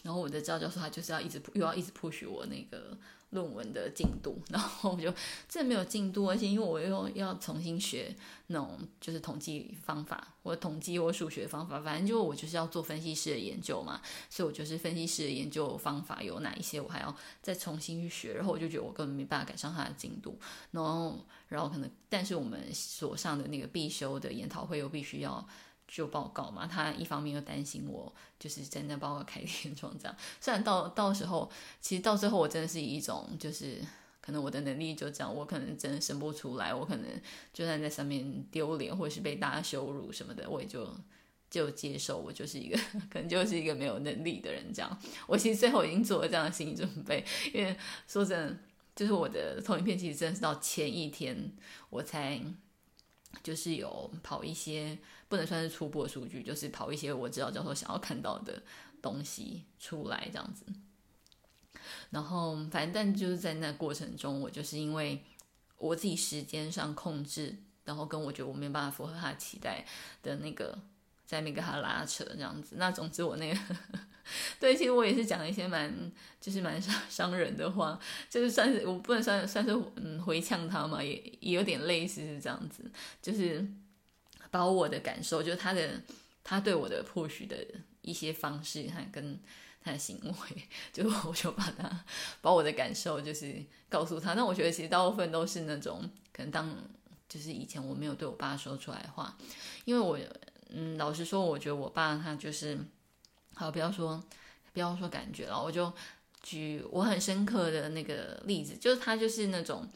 然後我的教教授他就是要一直又要一直 push 我那個論文的進度，然後我就這沒有進度，而且因為我又要重新學那種就是統計方法，我統計我數學的方法，反正就我就是要做分析師的研究嘛，所以我就是分析師的研究方法有哪一些，我還要再重新去學，然後我就覺得我根本沒辦法趕上他的進度，然後然後可能，但是我們所上的那個必修的研討會又必須要。就報告嘛，他一方面又擔心我，就是真的報告開天窗這樣。雖然到到時候，其實到最後，我真的是一種就是可能我的能力就這樣，我可能真的生不出來，我可能就算在上面丟臉或者是被大家羞辱什麼的，我也就就接受，我就是一個可能就是一個沒有能力的人這樣。我其實最後已經做了這樣的心理準備，因為說真的，就是我的投影片其實真的是到前一天我才就是有跑一些。不能算是初步的數據，就是跑一些我知道教授想要看到的東西出來，這樣子。然後反正但就是在那過程中，我就是因為我自己時間上控制，然後跟我覺得我沒辦法符合他期待的那個，在那邊跟他拉扯，這樣子。那總之我那個呵呵，對，其實我也是講一些蠻就是蠻傷傷人的話，就是算是我不能算、算是嗯回、回嗆他嘛，也、也有點類似是這樣子，就是。把我的感受，就是他的，他對我的 push 的一些方式，他跟他的行為，就我就把他，把我的感受，就是告訴他。但我覺得其實大部分都是那種，可能當就是以前我沒有對我爸說出來的話，因為我，嗯，老實說，我覺得我爸他就是，好，不要說，不要說感覺了，我就舉我很深刻的那個例子，就是他就是那種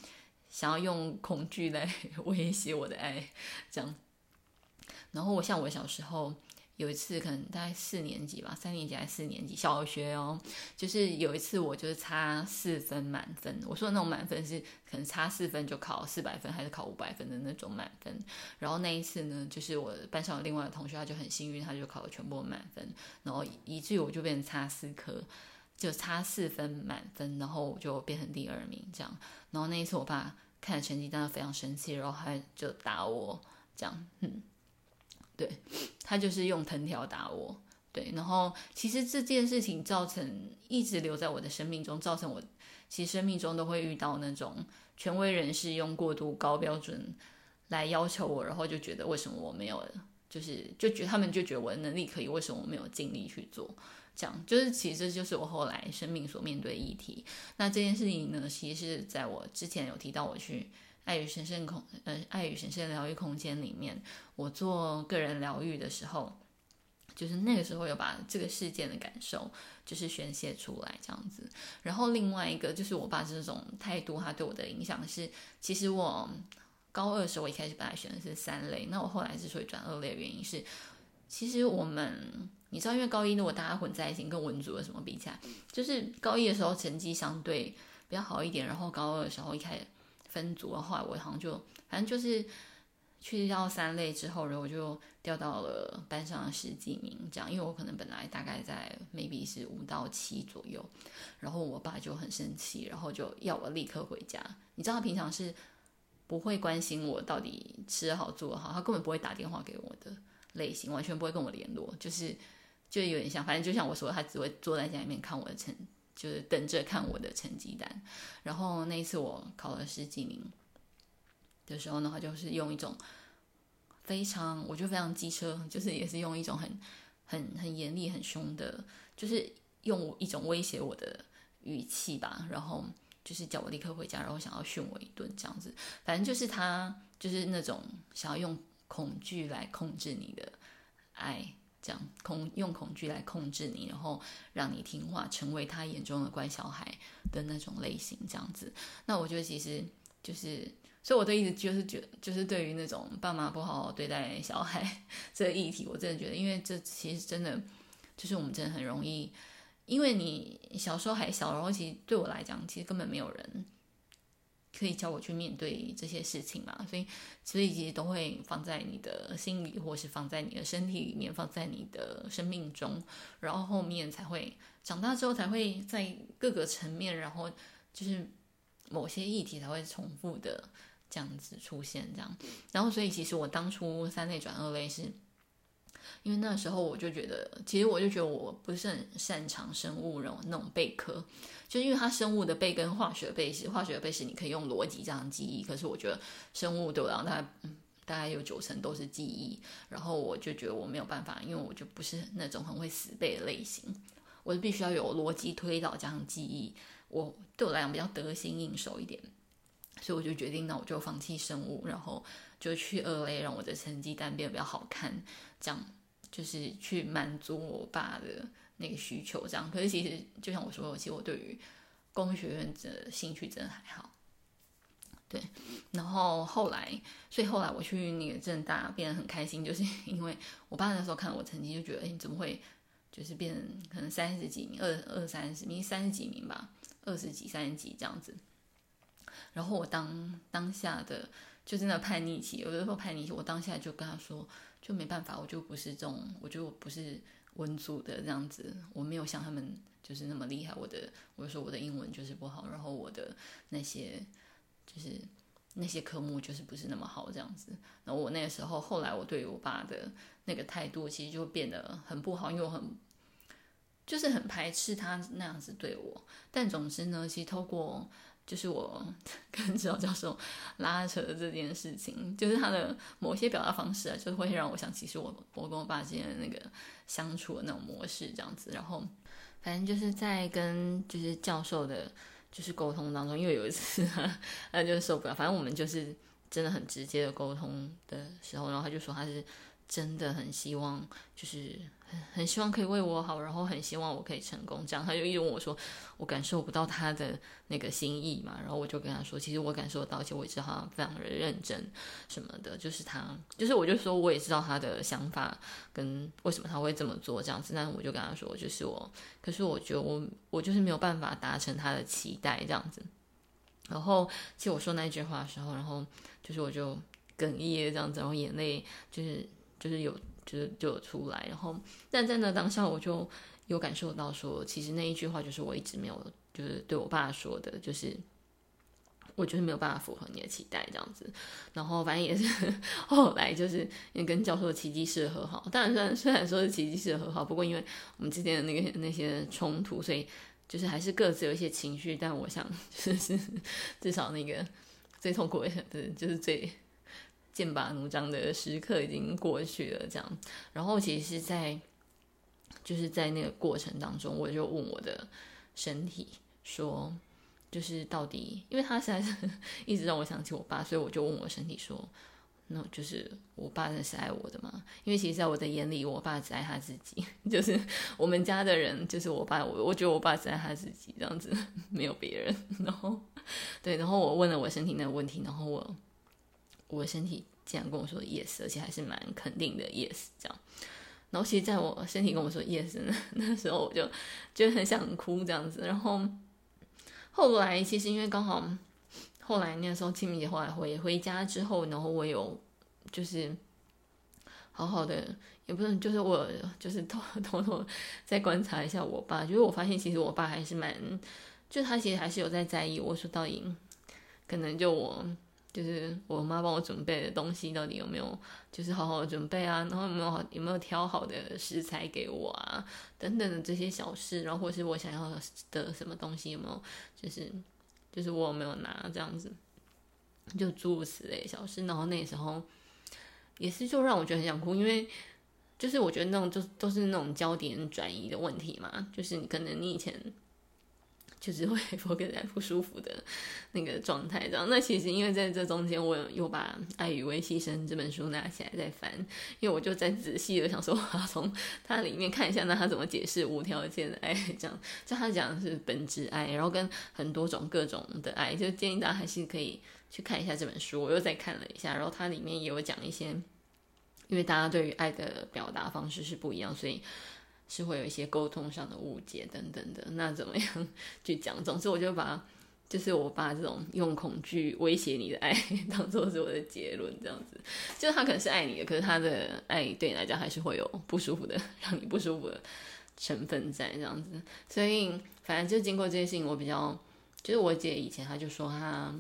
想要用恐懼來威脅我的愛，這樣。然後我像我小時候有一次，可能大概四年級吧，三年級還是四年級，小學哦，就是有一次我就是差四分滿分，我說那種滿分是可能差四分就考四百分還是考五百分的那種滿分。然後那一次呢，就是我班上的另外的同學，他就很幸運，他就考了全部滿分，然後以至於我就變成差四科，就差四分滿分，然後我就變成第二名這樣。然後那一次我爸看了成績單非常生氣，然後他就打我，這樣，嗯。對，他就是用藤條打我。對，然後其實這件事情造成一直留在我的生命中，造成我其實生命中都會遇到那種權威人士用過度高標準來要求我，然後就覺得為什麼我沒有，就是就覺得他們就覺得我的能力可以，為什麼我沒有盡力去做？這樣，就是其實這就是我後來生命所面對的議題。那這件事情呢，其實在我之前有提到我去。愛與神聖空，呃，愛與神聖療癒空間裡面，我做個人療癒的時候，就是那個時候有把這個事件的感受就是宣洩出來這樣子。然後另外一個就是我爸這種態度，他對我的影響是，其實我高二的時候，我一開始本來選的是三類，那我後來之所以轉二類的原因是，其實我們你知道，因為高一如果大家混在一起，跟文組的什麼比起來，就是高一的時候成績相對比較好一點，然後高二的時候一開始。分組的後來我好像就，反正就是去到三類之後，然後我就掉到了班上的十幾名這樣，因為我可能本來大概在 maybe 是五到七左右，然後我爸就很生氣，然後就要我立刻回家。你知道他平常是不會關心我到底吃好做好，他根本不會打電話給我的類型，完全不會跟我聯絡，就是就有點像，反正就像我說，他只會坐在家裡面看我的成。就是等着看我的成績單，然後那一次我考了十幾名的時候呢，他就是用一種非常，我覺得非常機車，就是也是用一種很、很、很嚴厲、很凶的，就是用我一種威脅我的語氣吧，然後就是叫我立刻回家，然後想要訓我一頓這樣子，反正就是他就是那種想要用恐懼來控制你的愛。這樣恐用恐懼來控制你，然後讓你聽話，成為他眼中的乖小孩的那種類型，這樣子。那我覺得其實就是，所以我的意思就是，覺就是對於那種爸媽不好好對待小孩這個議題，我真的覺得，因為這其實真的就是我們真的很容易，因為你小時候還小，然後其實對我來講，其實根本沒有人。可以教我去面對這些事情嘛，所以，所以其實都會放在你的心裡，或是放在你的身體裡面，放在你的生命中，然後後面才會長大之後才會在各個層面，然後就是某些議題才會重複的這樣子出現，這樣。然後，所以其實我當初三類轉二類是。因為那時候我就覺得，其實我就覺得我不是很擅長生物，然後那種背科，就因為它生物的背跟化學背是化學背是你可以用邏輯這樣的記憶，可是我覺得生物對我來講大概，它大概有九成都是記憶，然後我就覺得我沒有辦法，因為我就不是那種很會死背的類型，我就必須要有邏輯推導這樣的記憶，我對我來講比較得心應手一點，所以我就決定，那我就放棄生物，然後。就去二 A，讓我的成績單變得比較好看，這樣就是去滿足我爸的那個需求。這樣，可是其實就像我說，其實我對於工學院的興趣真的還好。對，然後後來，所以後來我去那個政大變得很開心，就是因為我爸那時候看我成績就覺得，哎，你怎麼會就是變可能三十幾名、二二三十名、三十幾名吧，二十幾、三十幾這樣子。然後我當當下的。就真的叛逆期，有的時候叛逆期，我當下就跟他說，就沒辦法，我就不是這種，我覺得我不是文組的這樣子，我沒有像他們就是那麼厲害，我的我就說我的英文就是不好，然後我的那些就是那些科目就是不是那麼好這樣子，然後我那個時候後來我對於我爸的那個態度其實就變得很不好，因為我很就是很排斥他那樣子對我，但總之呢，其實透過。就是我跟指導教授拉扯的這件事情，就是他的某些表達方式啊，就會讓我想，其實我我跟我爸之間的那個相處的那種模式這樣子。然後，反正就是在跟就是教授的，就是溝通當中，因為有一次他，他就受不了，反正我們就是真的很直接的溝通的時候，然後他就說他是真的很希望就是。很希望可以為我好，然後很希望我可以成功，這樣他就問我說：“我感受不到他的那個心意嘛？”然後我就跟他說：“其實我感受到，而且我知道他非常的認真，什麼的，就是他，就是我就說我也知道他的想法跟為什麼他會這麼做這樣子，但我就跟他說，就是我，可是我覺得我，我就是沒有辦法達成他的期待這樣子。然後，其實我說那句話的時候，然後就是我就哽咽這樣子，然後眼淚就是就是有。”就是就有出來，然後但在那當下我就有感受到說，其實那一句話就是我一直沒有就是對我爸說的，就是我覺得沒有辦法符合你的期待這樣子。然後反正也是後來就是因為跟教授的奇蹟式和好，當然雖然雖然說是奇蹟式和好，不過因為我們之間的那個那些衝突，所以就是還是各自有一些情緒。但我想就是至少那個最痛苦的，是就是最。劍拔弩張的時刻已經過去了，這樣，然後其實在，在就是在那個過程當中，我就問我的身體說，就是到底，因為他實在是一直讓我想起我爸，所以我就問我身體說，那就是我爸真是愛我的嗎？因為其實，在我的眼裡，我爸只愛他自己，就是我們家的人，就是我爸，我我覺得我爸只愛他自己，這樣子，沒有別人。然後，對，然後我問了我身體那個問題，然後我。我的身體竟然跟我說 yes，而且還是蠻肯定的 yes，這樣。然後其實在我身體跟我說 yes 那時候，我就就很想哭這樣子。然後後來其實因為剛好後來那時候清明節，後來回回家之後，然後我有就是好好的，也不是就是我就是偷偷偷在觀察一下我爸，因為我發現其實我爸還是蠻，就他其實還是有在在意我說到底，可能就我。就是我媽幫我準備的東西到底有沒有，就是好好的準備啊？然後有沒有好，有沒有挑好的食材給我啊？等等的這些小事，然後或是我想要的什麼東西有沒有，就是就是我有沒有拿這樣子，就諸如此類小事。然後那時候也是就讓我覺得很想哭，因為就是我覺得那種就都是那種焦點轉移的問題嘛，就是你可能你以前。就是會活在不舒服的那個狀態，這樣。那其實因為在這中間，我又把《愛與微犧牲》這本書拿起來再翻，因為我就在仔細的想說，我要從它裡面看一下，那他怎麼解釋無條件的愛？這樣，就他講的是本質愛，然後跟很多種各種的愛，就建議大家還是可以去看一下這本書。我又再看了一下，然後它裡面也有講一些，因為大家對於愛的表達方式是不一樣，所以。是會有一些溝通上的誤解等等的，那怎麼樣去講？總之我就把就是我把這種用恐懼威脅你的愛當做是我的結論，這樣子，就是他可能是愛你的，可是他的愛對你來講還是會有不舒服的，讓你不舒服的成分在這樣子。所以反正就經過這些事情，我比較就是我姐以前她就說她，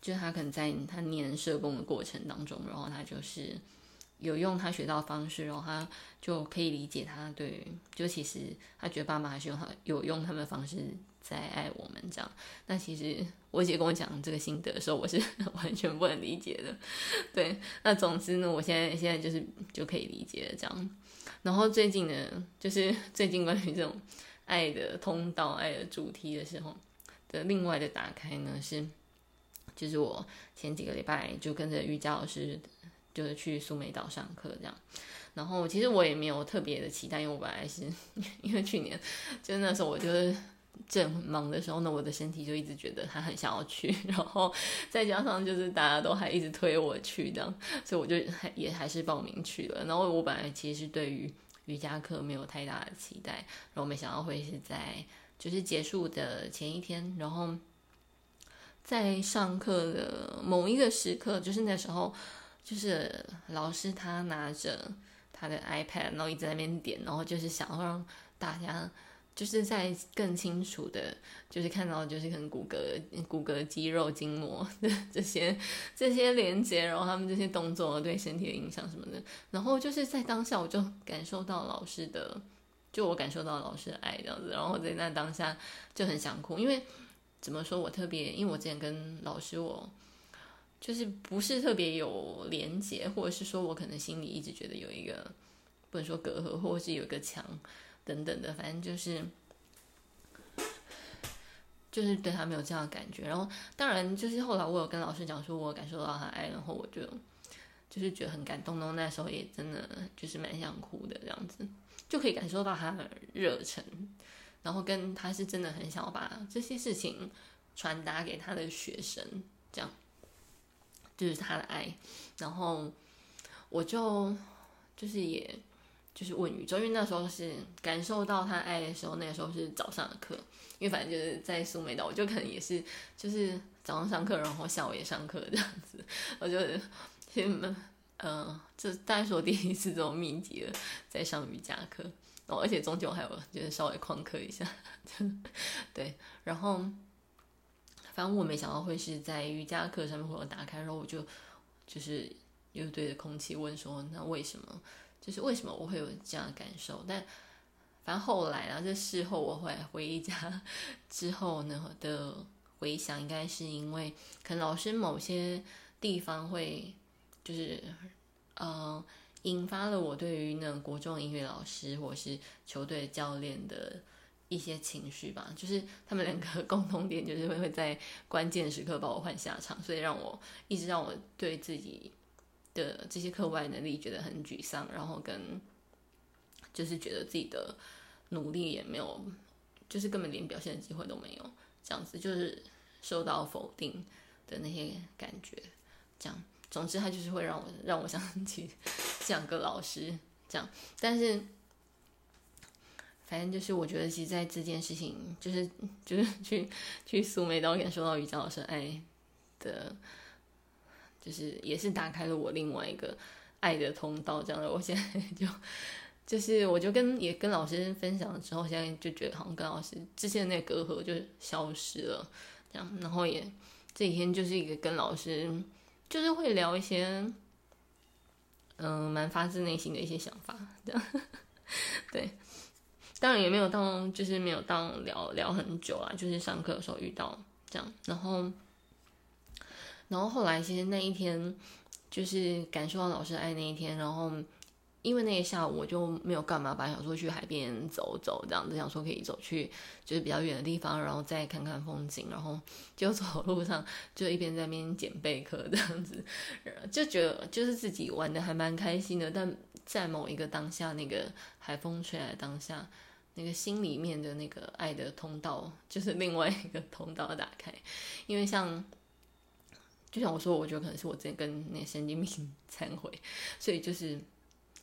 就是她可能在她念社工的過程當中，然後她就是。有用他學到的方式，哦，然後他就可以理解他對，就其實他覺得爸媽還是用他有用他們的方式在愛我們這樣。那其實我姐跟我講這個心得的時候，我是完全不能理解的。對，那總之呢，我現在現在就是就可以理解了這樣。然後最近呢，就是最近關於這種愛的通道、愛的主題的時候的另外的打開呢，是就是我前幾個禮拜就跟着瑜伽老師。就是去蘇梅島上課這樣，然後其實我也沒有特別的期待，因為我本來是，因為去年就那時候我就是正忙的時候呢，那我的身體就一直覺得他很想要去，然後再加上就是大家都還一直推我去這樣，所以我就還也還是報名去了。然後我本來其實是對於瑜伽課沒有太大的期待，然後沒想到會是在就是結束的前一天，然後在上課的某一個時刻，就是那時候。就是老師他拿着他的 iPad，然後一直在那邊點，然後就是想要讓大家就是在更清楚的，就是看到就是可能骨骼、骨骼、肌肉、筋膜的這些這些連接，然後他們這些動作對身體的影響什麼的。然後就是在當下，我就感受到老師的，就我感受到老師的愛這樣子。然後在那當下就很想哭，因為怎麼說，我特別因為我之前跟老師我。就是不是特別有連結，或者是說我可能心裡一直覺得有一個不能說隔閡，或者是有一個牆等等的，反正就是就是對他沒有這樣的感覺。然後當然就是後來我有跟老師講，說我感受到他愛，然後我就就是覺得很感動。那時候也真的就是蠻想哭的這樣子，就可以感受到他的熱忱，然後跟他是真的很想把這些事情傳達給他的學生，這樣。就是他的愛，然後我就就是也就是問宇宙，因為那時候是感受到他愛的時候，那個時候是早上的課，因為反正就是在蘇梅島，我就可能也是就是早上上課，然後下午也上課這樣子，我就其實嗯，這、呃、大概是我第一次這種密集的在上瑜伽課，哦，而且中間還有就是稍微曠課一下，就對，然後。反正我沒想到會是在瑜伽課上面，會有打開，然後我就就是又、就是、對着空氣問說：“那為什麼？就是為什麼我會有這樣的感受？”但反正後來然後、啊、這事後我回來回家之後呢的回想，應該是因為可能老師某些地方會就是呃引發了我對於那國中音樂老師或者是球隊教練的。一些情緒吧，就是他們兩個共同點，就是會會在關鍵時刻把我換下場，所以讓我一直讓我對自己的這些課外能力覺得很沮喪，然後跟就是覺得自己的努力也沒有，就是根本連表現的機會都沒有，這樣子就是受到否定的那些感覺，這樣，總之他就是會讓我讓我想起兩個老師這樣，但是。反正就是，我覺得其實，在這件事情、就是，就是就是去去蘇梅導演說到瑜伽老師愛的，就是也是打開了我另外一個愛的通道，這樣的。我現在就就是，我就跟也跟老師分享了之後，現在就覺得好像跟老師之前的那個隔閡就消失了，這樣。然後也這幾天就是一個跟老師，就是會聊一些，嗯、呃，蠻發自內心的一些想法，這樣對。當然也沒有到，就是沒有到聊聊很久啦，就是上課的時候遇到這樣，然後，然後後來其實那一天，就是感受到老師的愛那一天，然後因為那一下午我就沒有幹嘛吧，想說去海邊走走這樣子，想說可以走去就是比較遠的地方，然後再看看風景，然後就走路上就一邊在那邊撿貝殼這樣子，就覺得就是自己玩得還蠻開心的，但在某一個當下，那個海風吹來的當下。那個心裡面的那個愛的通道，就是另外一個通道打開。因為像，就像我說，我覺得可能是我最近跟那個神經病懺悔，所以就是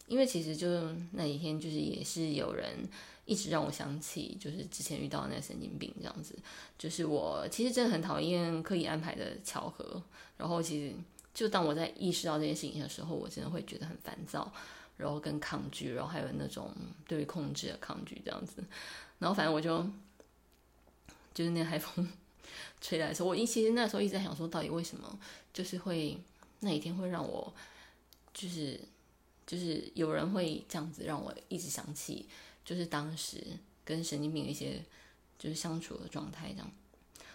因為其實就那一天，就是也是有人一直讓我想起，就是之前遇到的那個神經病這樣子。就是我其實真的很討厭刻意安排的巧合。然後其實就當我在意識到這件事情的時候，我真的會覺得很煩躁。然後跟抗拒，然後還有那種對於控制的抗拒這樣子，然後反正我就，就是那海風吹來的時候，我一其實那時候一直在想說，到底為什麼就是會那一天會讓我，就是，就是有人會這樣子讓我一直想起，就是當時跟神經病的一些就是相處的狀態這樣，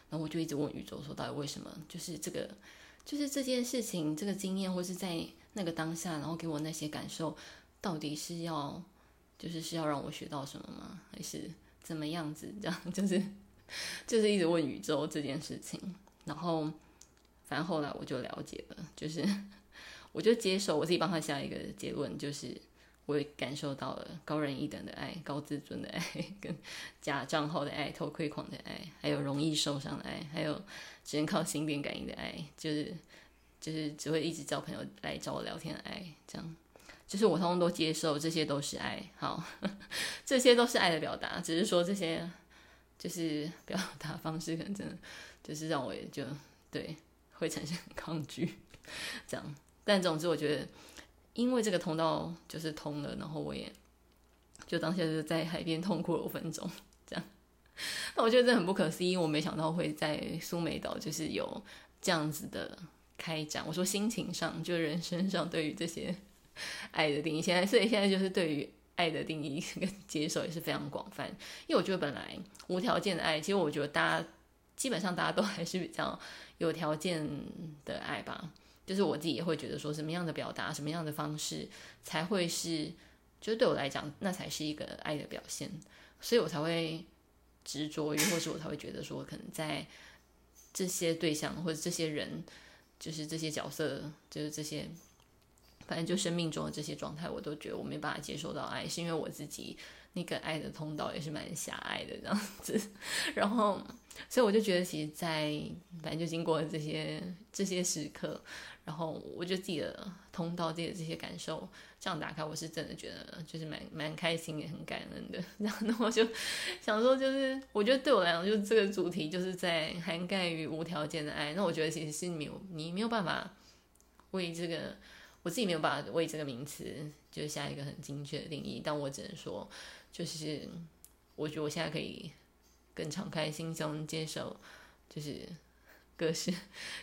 然後我就一直問宇宙說，到底為什麼就是這個就是這件事情這個經驗或是在。那個當下，然後給我那些感受，到底是要，就是是要讓我學到什麼嗎？還是怎麼樣子？這樣就是，就是一直問宇宙這件事情。然後，反正後來我就了解了，就是我就接受我自己幫他下一個結論，就是我也感受到了高人一等的愛、高自尊的愛、跟假賬號的愛、偷窺狂的愛、還有容易受傷的愛、還有只能靠心電感應的愛，就是。就是只會一直找朋友來找我聊天愛，這樣，就是我通通都接受，這些都是愛，好呵呵，這些都是愛的表達，只是說這些就是表達方式，可能真的就是讓我也就對會產生抗拒，這樣。但總之，我覺得因為這個通道就是通了，然後我也就當下就在海邊痛哭了五分鐘，這樣。那我覺得這很不可思議，我沒想到會在蘇梅島就是有這樣子的。開展我說心情上就是人生上對於這些愛的定義，現在所以現在就是對於愛的定義跟接受也是非常廣泛，因為我覺得本來無條件的愛，其實我覺得大家基本上大家都還是比較有條件的愛吧，就是我自己也會覺得說什麼樣的表達什麼樣的方式才會是，就是對我來講那才是一個愛的表現，所以我才會執着於，或者我才會覺得說可能在這些對象或者這些人。就是這些角色，就是這些。反正就生命中的這些狀態，我都覺得我沒辦法接受到愛，是因為我自己那個愛的通道也是蠻狹隘的這樣子。然後，所以我就覺得，其實在，在反正就經過了這些這些時刻，然後我就得自己的通道、自己的這些感受這樣打開，我是真的覺得就是蠻蠻開心，也很感恩的。那那我就想說，就是我覺得對我來講，就是這個主題就是在涵蓋於無條件的愛。那我覺得其實是你你沒有辦法為這個。我自己沒有辦法為這個名詞就是下一個很精確的定義，但我只能說，就是我覺得我現在可以更敞開心胸接受，就是各式，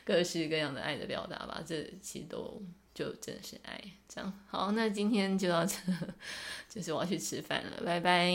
各式各式各樣的愛的表達吧。這其實都就真的是愛。這樣。好，那今天就到這，就是我要去吃飯了，拜拜。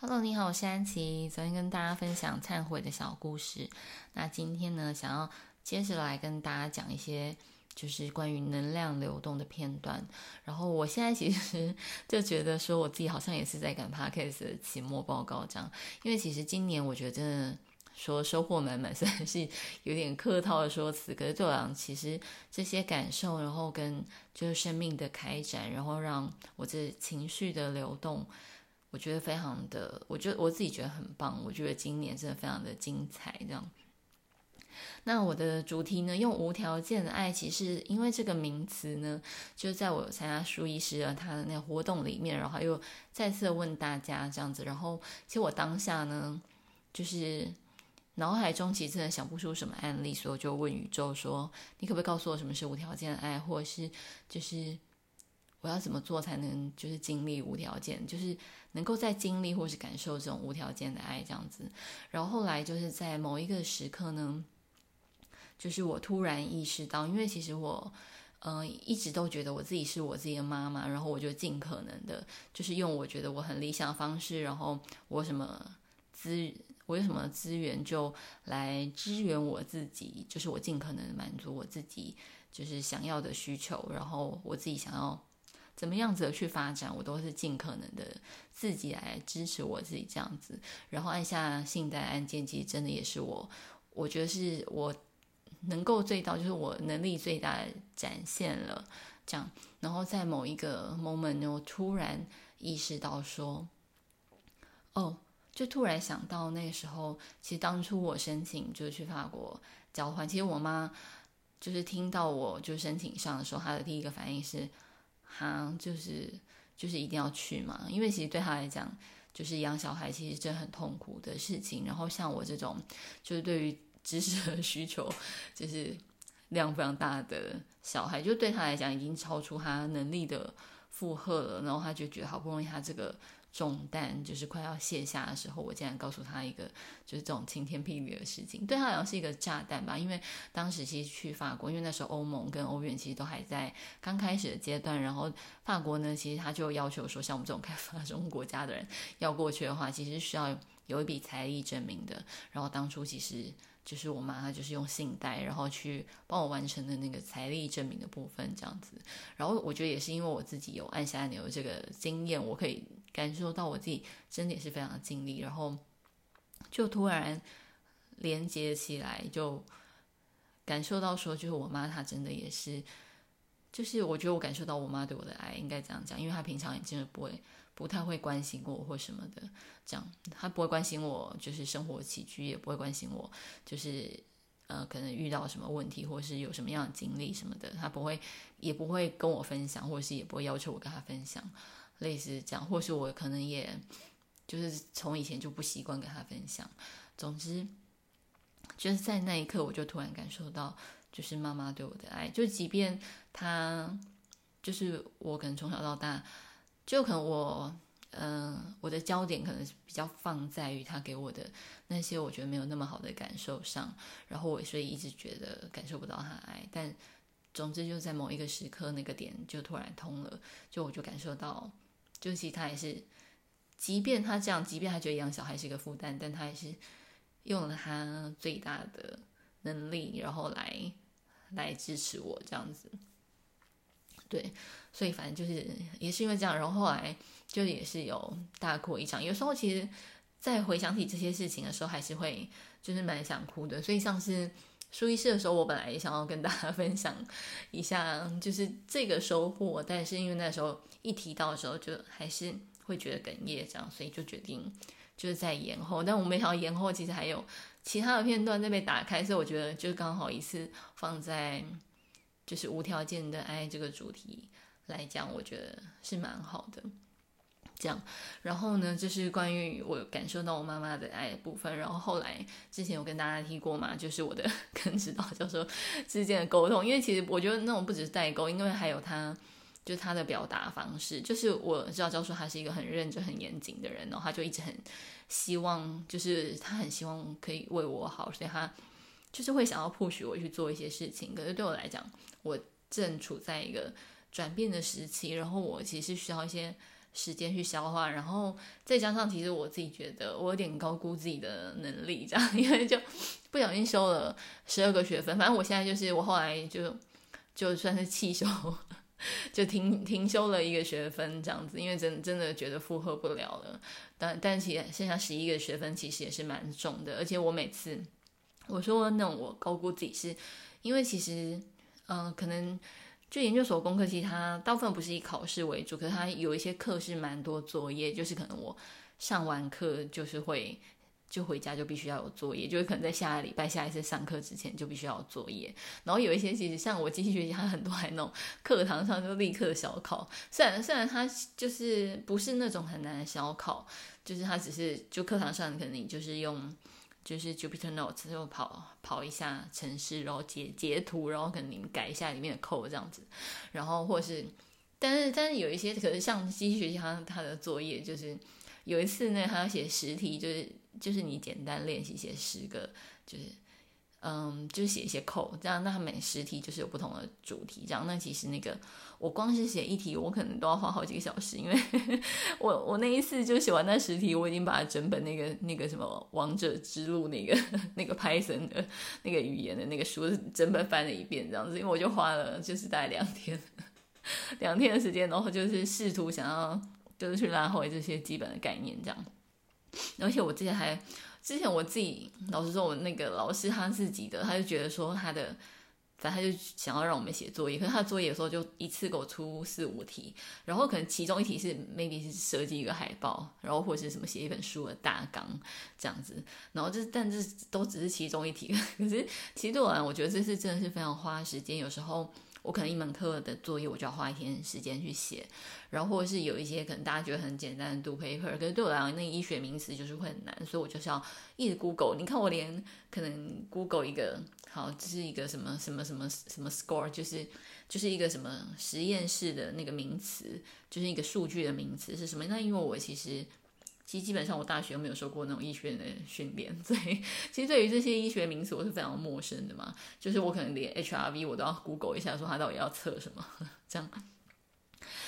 Hello，你好，我是安琪。昨天跟大家分享懺悔的小故事，那今天呢，想要接着來跟大家講一些。就是關於能量流動的片段，然後我現在其實就覺得說，我自己好像也是在趕 Podcast 的期末報告這樣。因為其實今年我覺得說收穫滿滿，雖然是有點客套的說辭，可是就好像其實這些感受，然後跟就是生命的開展，然後讓我這情緒的流動，我覺得非常的，我覺得我自己覺得很棒。我覺得今年真的非常的精彩這樣。那我的主題呢，用無條件的愛，其實因為這個名詞呢，就在我參加書醫師的、啊、他的那個活動裡面，然後又再次問大家這樣子。然後其實我當下呢，就是腦海中其實想不出什麼案例，所以我就問宇宙說：“你可不可以告訴我什麼是無條件的愛，或者是就是我要怎麼做才能就是經歷無條件，就是能夠在經歷或是感受這種無條件的愛這樣子？”然後後來就是在某一個時刻呢。就是我突然意識到，因為其實我，嗯、呃，一直都覺得我自己是我自己的媽媽，然後我就盡可能的，就是用我覺得我很理想的方式，然後我什麼資我有什麼資源就來支援我自己，就是我盡可能的滿足我自己就是想要的需求，然後我自己想要怎麼樣子的去發展，我都是盡可能的自己來支持我自己這樣子，然後按下信貸按鍵，其實真的也是我，我覺得是我。能夠做到就是我能力最大的展現了，這樣，然後在某一個 moment，我突然意識到說，哦，就突然想到那個時候，其實當初我申請就去法國交換，其實我媽就是聽到我就申請上的時候，她的第一個反應是，哈，就是就是一定要去嘛，因為其實對她來講，就是養小孩其實真很痛苦的事情，然後像我這種就是對於。知識和需求就是量非常大的小孩，就對他來講已經超出他能力的負荷了。然後他就覺得好不容易他這個重擔就是快要卸下的時候，我竟然告訴他一個就是這種晴天霹靂的事情，對他好像是一個炸彈吧。因為當時其實去法國，因為那時候歐盟跟歐元其實都還在剛開始的階段。然後法國呢，其實他就要求說，像我們這種開發中國家的人要過去的話，其實需要有一筆財力證明的。然後當初其實。就是我媽，她就是用信貸，然後去幫我完成的那個財力證明的部分，這樣子。然後我覺得也是因為我自己有按下按鈕這個經驗，我可以感受到我自己真的也是非常的盡力，然後就突然連接起來，就感受到說，就是我媽她真的也是，就是我覺得我感受到我媽對我的愛應該這樣講，因為她平常也真的不會。不太會關心我或什麼的，這樣他不會關心我，就是生活起居也不會關心我，就是呃，可能遇到什麼問題或者是有什麼樣的經歷什麼的，他不會，也不會跟我分享，或者是也不會要求我跟他分享，類似這樣，或是我可能也，就是從以前就不習慣跟他分享。總之，就是在那一刻，我就突然感受到，就是媽媽對我的愛，就即便他，就是我可能從小到大。就可能我，嗯、呃，我的焦點可能比較放在於他給我的那些我覺得沒有那麼好的感受上，然後我所以一直覺得感受不到他愛，但總之就在某一個時刻，那個點就突然通了，就我就感受到，就其實他也是，即便他這樣，即便他覺得養小孩是一個負擔，但他也是用了他最大的能力，然後來來支持我這樣子，對。所以反正就是也是因為這樣，然後後來就也是有大哭一場。有時候其實，在回想起這些事情的時候，還是會就是蠻想哭的。所以像是書儀式的時候，我本來也想要跟大家分享一下就是這個收穫，但是因為那時候一提到的時候，就還是會覺得哽咽，這樣，所以就決定就是再延後。但我沒想到延後其實還有其他的片段在被打開，所以我覺得就是剛好一次放在就是無條件的愛這個主題，來講，我覺得是蠻好的。這樣，然後呢，就是關於我感受到我媽媽的愛的部分。然後後來之前有跟大家提過嘛，就是我的跟指導教授之間的溝通。因為其實我覺得那種不只是代溝，因為還有他，就他的表達方式。就是我知道，教授他是一個很認真、很嚴謹的人哦，然後他就一直很希望，就是他很希望可以為我好，所以他就是會想要 push 我去做一些事情。可是對我來講，我正處在一個。轉變的時期，然後我其實需要一些時間去消化，然後再加上其實我自己覺得我有點高估自己的能力，這樣，因為就不小心修了十二個學分，反正我現在就是我後來就就算是棄修，就停停修了一個學分這樣子，因為真的真的覺得負荷不了了。但但其實剩下十一個學分其實也是蠻重的，而且我每次我說那我高估自己是，是因為其實嗯、呃、可能。就研究所功課，其實它大部分不是以考試為主，可是它有一些課是蠻多作業，就是可能我上完課就是會就回家就必須要有作業，就是可能在下個禮拜下一次上課之前就必須要有作業。然後有一些其實像我機器學習，它很多還那課堂上就立刻小考，雖然雖然它就是不是那種很難的小考，就是它只是就課堂上可能你就是用。就是 Jupyter Notes，就跑跑一下程式，然後截截圖，然後可能你們改一下裡面的 code 這樣子，然後或是，但是但是有一些，可能像機器學習他他的作業就是有一次，那他要寫十題，就是就是你簡單練習寫十個就是。嗯，就寫一些扣，這樣。那他每十題就是有不同的主題，這樣。那其實那個我光是寫一題，我可能都要花好幾個小時，因為呵呵我我那一次就寫完那十題，我已經把整本那個那個什麼王者之路那個那個 Python 的那個語言的那個書整本翻了一遍這樣子，因為我就花了就是大概兩天兩天的時間，然後就是試圖想要就是去拉回這些基本的概念這樣，而且我之前還。之前我自己老實說，我那個老師他自己的，他就覺得說他的，反正他就想要讓我們寫作業，可是他作業的時候就一次給我出四五題，然後可能其中一題是 maybe 是設計一個海報，然後或者是什麼寫一本書的大綱這樣子，然後這但這是都只是其中一題，可是其實對我來，我覺得這是真的是非常花時間，有時候。我可能一門課的作業我就要花一天時間去寫，然後或者是有一些可能大家覺得很簡單的讀 paper，可是對我來講，那醫學名詞就是會很難，所以我就要一直 Google。你看我連可能 Google 一個，好，這是一個什麼什麼什麼什麼 score，就是就是一個什麼實驗室的那個名詞，就是一個數據的名詞是什麼？那因為我其實。其實基本上我大學沒有受過那種醫學的訓練，所以其實對於這些醫學名詞我是非常陌生的嘛。就是我可能連 HRV 我都要 Google 一下，說它到底要測什麼這樣。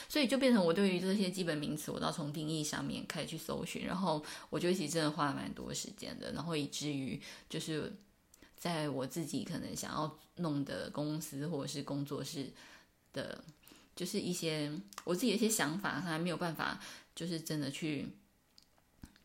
所以就變成我對於這些基本名詞，我都要從定義上面開始去搜尋。然後我覺得其實真的花了蠻多時間的。然後以至於就是在我自己可能想要弄的公司或者是工作室的，就是一些我自己的一些想法，它還沒有辦法，就是真的去。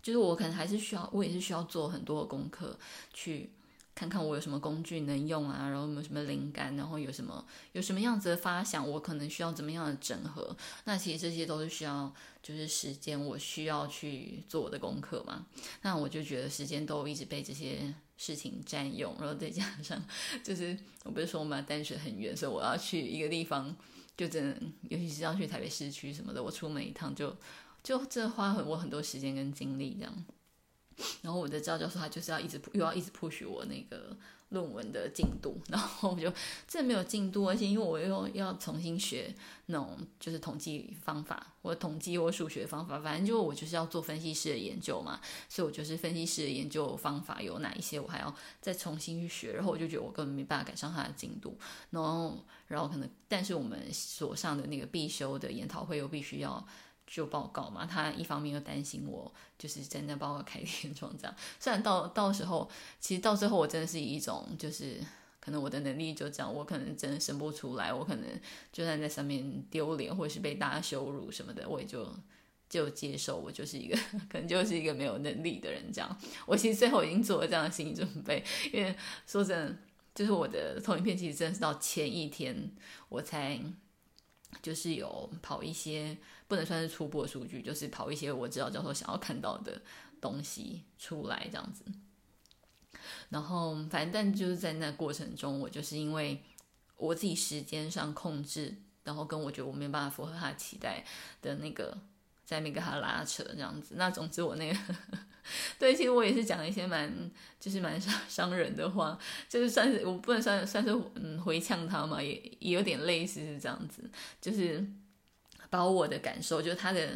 就是我可能還是需要，我也是需要做很多的功課，去看看我有什麼工具能用啊，然後有沒有什麼靈感，然後有什麼有什麼樣子的發想，我可能需要怎麼樣的整合。那其實這些都是需要，就是時間，我需要去做我的功課嘛。那我就覺得時間都一直被這些事情占用，然後再加上，就是我不是說嘛，淡水很遠，所以我要去一個地方，就真的，尤其是要去台北市區什麼的，我出門一趟就。就這花很我很多時間跟精力這樣，然後我的教教授他就是要一直又要一直 push 我那個論文的進度，然後我就這沒有進度，而且因為我又要重新學那種就是統計方法，我統計我數學方法，反正就我就是要做分析師的研究嘛，所以我就是分析師的研究方法有哪一些我還要再重新去學，然後我就覺得我根本沒辦法趕上他的進度，然後然後可能但是我們所上的那個必修的研討會又必須要。就報告嘛，他一方面又擔心我，就是真的報告開天窗這樣。雖然到到時候，其實到最後，我真的是一種，就是可能我的能力就這樣，我可能真的生不出來，我可能就算在上面丟臉或者是被大家羞辱什麼的，我也就就接受，我就是一個可能就是一個沒有能力的人這樣。我其實最後已經做了這樣的心理準備，因為說真的，就是我的投影片其實真的是到前一天我才。就是有跑一些不能算是初步的數據，就是跑一些我知道教授想要看到的東西出來這樣子。然後反正但就是在那過程中，我就是因為我自己時間上控制，然後跟我覺得我沒辦法符合他期待的那個。在那邊跟他拉扯這樣子，那總之我那個 對，其實我也是講一些蠻就是蠻傷傷人的話，就是算是我不能算算是嗯回嗆他嘛，也也有點類似是這樣子，就是把我的感受，就是他的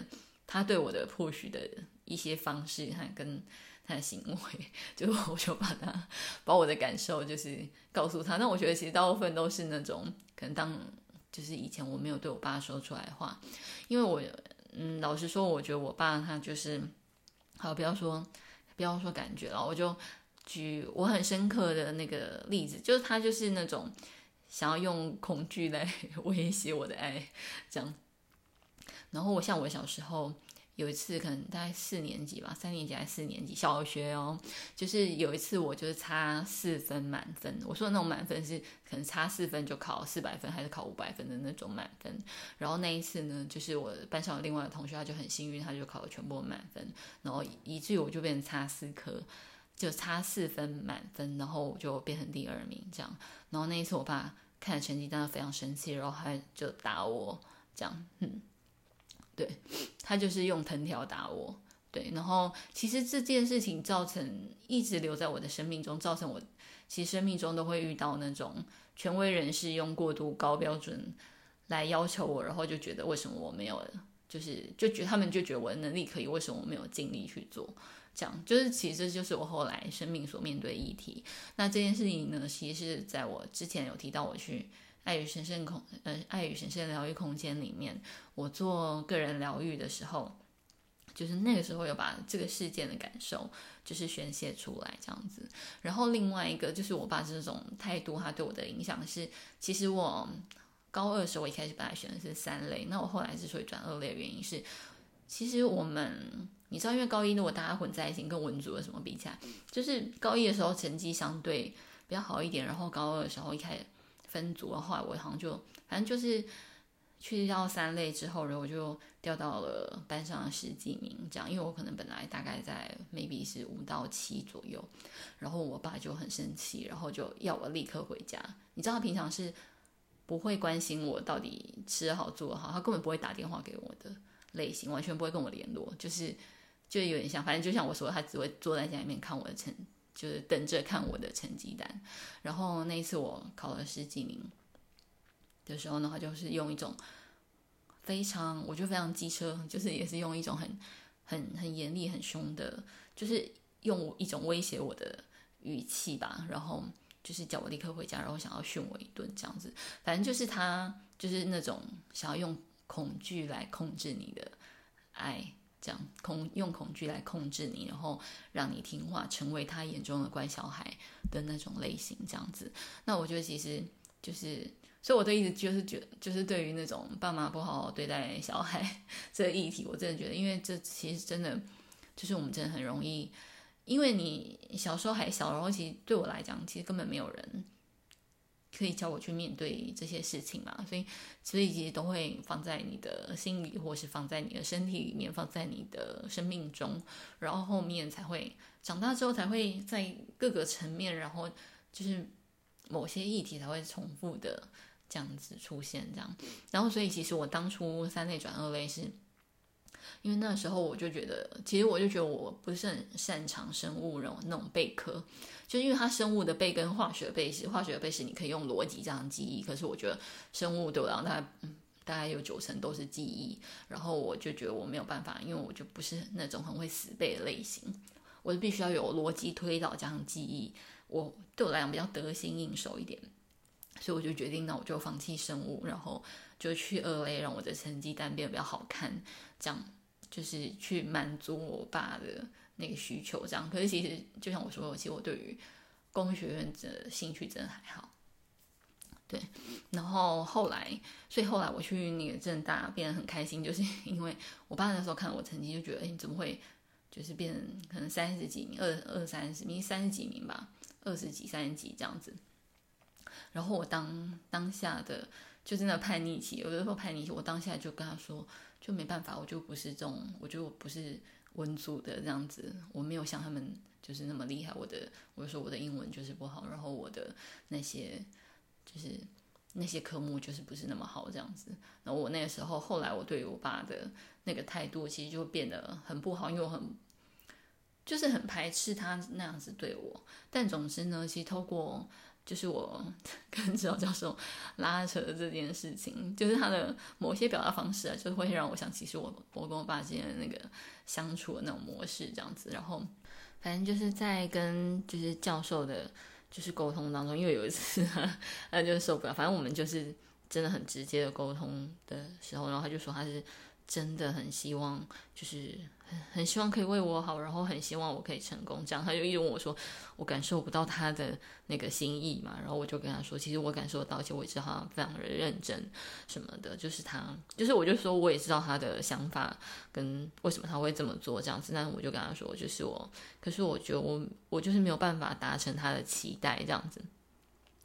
他對我的 push 的一些方式和跟他的行為，就我就把他把我的感受就是告訴他，但我覺得其實大部分都是那種可能當就是以前我沒有對我爸說出來的話，因為我。嗯，老實說，我覺得我爸他就是，好，不要說，不要說感覺了，我就舉我很深刻的那個例子，就是他就是那種想要用恐懼來威脅我的愛，這樣。然後我像我小時候。有一次可能大概四年級吧，三年級還是四年級，小學哦。就是有一次我就是差四分滿分，我說的那種滿分是可能差四分就考四百分還是考五百分的那種滿分。然後那一次呢，就是我班上的另外的同學他就很幸運，他就考了全部滿分。然後以至於我就變成差四科，就差四分滿分，然後我就變成第二名這樣。然後那一次我爸看了成績單非常生氣，然後他就打我這樣，嗯。對，他就是用藤條打我。對，然後其實這件事情造成一直留在我的生命中，造成我其實生命中都會遇到那種權威人士用過度高標準來要求我，然後就覺得為什麼我沒有，就是就覺得他們就覺得我的能力可以，為什麼我沒有盡力去做？這樣就是其實這就是我後來生命所面對的議題。那這件事情呢，其實在我之前有提到我去。愛與神聖空，呃，愛與神聖療癒空間裡面，我做個人療癒的時候，就是那個時候有把這個事件的感受就是宣泄出來這樣子。然後另外一個就是我爸這種態度，他對我的影響是，其實我高二的時候，我一開始本來選的是三類，那我後來之所以轉二類的原因是，其實我們你知道，因為高一如果大家混在一起，跟文組的什麼比起來，就是高一的時候成績相對比較好一點，然後高二的時候一開始。分組，後來我好像就反正就是去到三類之後，然後我就掉到了班上十幾名這樣。因為我可能本來大概在 maybe 是五到七左右，然後我爸就很生氣，然後就要我立刻回家。你知道，他平常是不會關心我到底吃好做好，他根本不會打電話給我的類型，完全不會跟我聯絡，就是就有點像，反正就像我說，他只會坐在家裡面看我的成。就是等着看我的成績單，然後那一次我考了十幾名的時候呢，他就是用一種非常，我就非常機車，就是也是用一種很、很、很嚴厲、很兇的，就是用一種威脅我的語氣吧，然後就是叫我立刻回家，然後想要訓我一頓這樣子，反正就是他就是那種想要用恐懼來控制你的愛。這樣恐用恐懼來控制你，然後讓你聽話，成為他眼中的乖小孩的那種類型，這樣子。那我覺得其實就是，所以我對一直就是覺，就是對於那種爸媽不好好對待小孩這個議題，我真的覺得，因為這其實真的就是我們真的很容易，因為你小時候還小，然後其實對我來講，其實根本沒有人。可以教我去面對這些事情嘛？所以，所以其實都會放在你的心裡，或者是放在你的身體裡面，放在你的生命中，然後後面才會長大之後才會在各個層面，然後就是某些議題才會重複的這樣子出現，這樣。然後，所以其實我當初三類轉二類是，是因為那時候我就覺得，其實我就覺得我不是很擅長生物，然後那種背科。就因為它生物的背跟化學背是，化學背是你可以用邏輯這樣記憶，可是我覺得生物對我來講，它嗯大概有九成都是記憶，然後我就覺得我沒有辦法，因為我就不是那種很會死背的類型，我就必須要有邏輯推導這樣記憶，我對我來講比較得心應手一點，所以我就決定呢，我就放棄生物，然後就去二類，讓我的成績單變得比較好看，這樣就是去滿足我爸的。那個需求這樣，可是其實就像我說，其實我對於工學院的興趣真的還好，對。然後後來，所以後來我去那個政大變得很開心，就是因為我爸那時候看我成績就覺得，哎、欸，你怎麼會就是變？可能三十幾名，二二三十名，三十幾名吧，二十幾、三十幾這樣子。然後我當當下的就真的叛逆期，有的時候叛逆期，我當下就跟他說，就沒辦法，我就不是這種，我就我不是。文組的這樣子，我沒有像他們就是那麼厲害。我的，我就說我的英文就是不好，然後我的那些就是那些科目就是不是那麼好這樣子。然後我那個時候，後來我對我爸的那個態度其實就變得很不好，因為我很就是很排斥他那樣子對我。但總之呢，其實透過。就是我跟指導教授拉扯的這件事情，就是他的某些表達方式啊，就會讓我想，其實我我跟我爸之間的那個相處的那種模式這樣子。然後，反正就是在跟就是教授的，就是溝通當中，因為有一次他，他就受不了。反正我們就是真的很直接的溝通的時候，然後他就說他是真的很希望就是。很希望可以為我好，然後很希望我可以成功，這樣他就一直問我說：“我感受不到他的那個心意嘛？”然後我就跟他說：“其實我感受到，而且我也知道他非常的認真，什麼的，就是他，就是我就說我也知道他的想法跟為什麼他會這麼做這樣子。”但我就跟他說：“就是我，可是我覺得我，我就是沒有辦法達成他的期待這樣子。”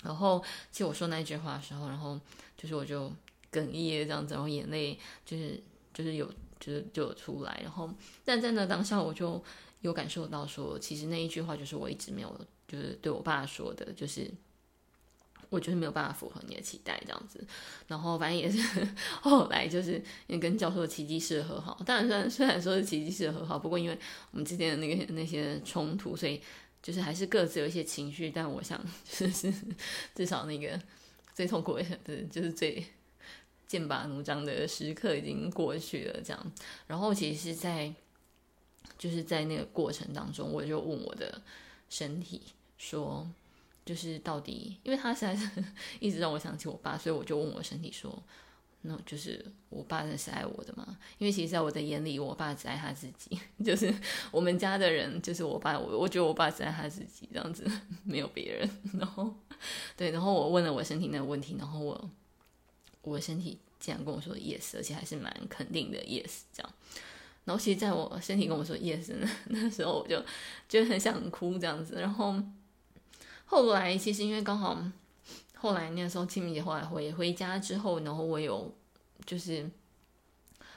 然後，其實我說那句話的時候，然後就是我就哽咽這樣子，然後眼淚就是就是有。就是就出來，然後但在那當下我就有感受到說，其實那一句話就是我一直沒有就是對我爸說的，就是我覺得沒有辦法符合你的期待這樣子。然後反正也是後來就是因為跟教授的奇蹟式的和好，當然雖然雖然說是奇蹟式的和好，不過因為我們之間的那個那些衝突，所以就是還是各自有一些情緒。但我想就是至少那個最痛苦的，不是就是最。劍拔弩張的時刻已經過去了，這樣，然後其實在，在就是在那個過程當中，我就問我的身體說，就是到底，因為他實在是一直讓我想起我爸，所以我就問我身體說，那就是我爸真的是愛我的嗎？因為其實，在我的眼裡，我爸只愛他自己，就是我們家的人，就是我爸，我我覺得我爸只愛他自己，這樣子沒有別人。然後，對，然後我問了我身體那個問題，然後我。我的身體竟然跟我說 yes，而且還是蠻肯定的 yes，這樣。然後其實在我身體跟我說 yes 那時候，我就就很想哭這樣子。然後後來其實因為剛好後來那個時候清明節，後來回回家之後，然後我有就是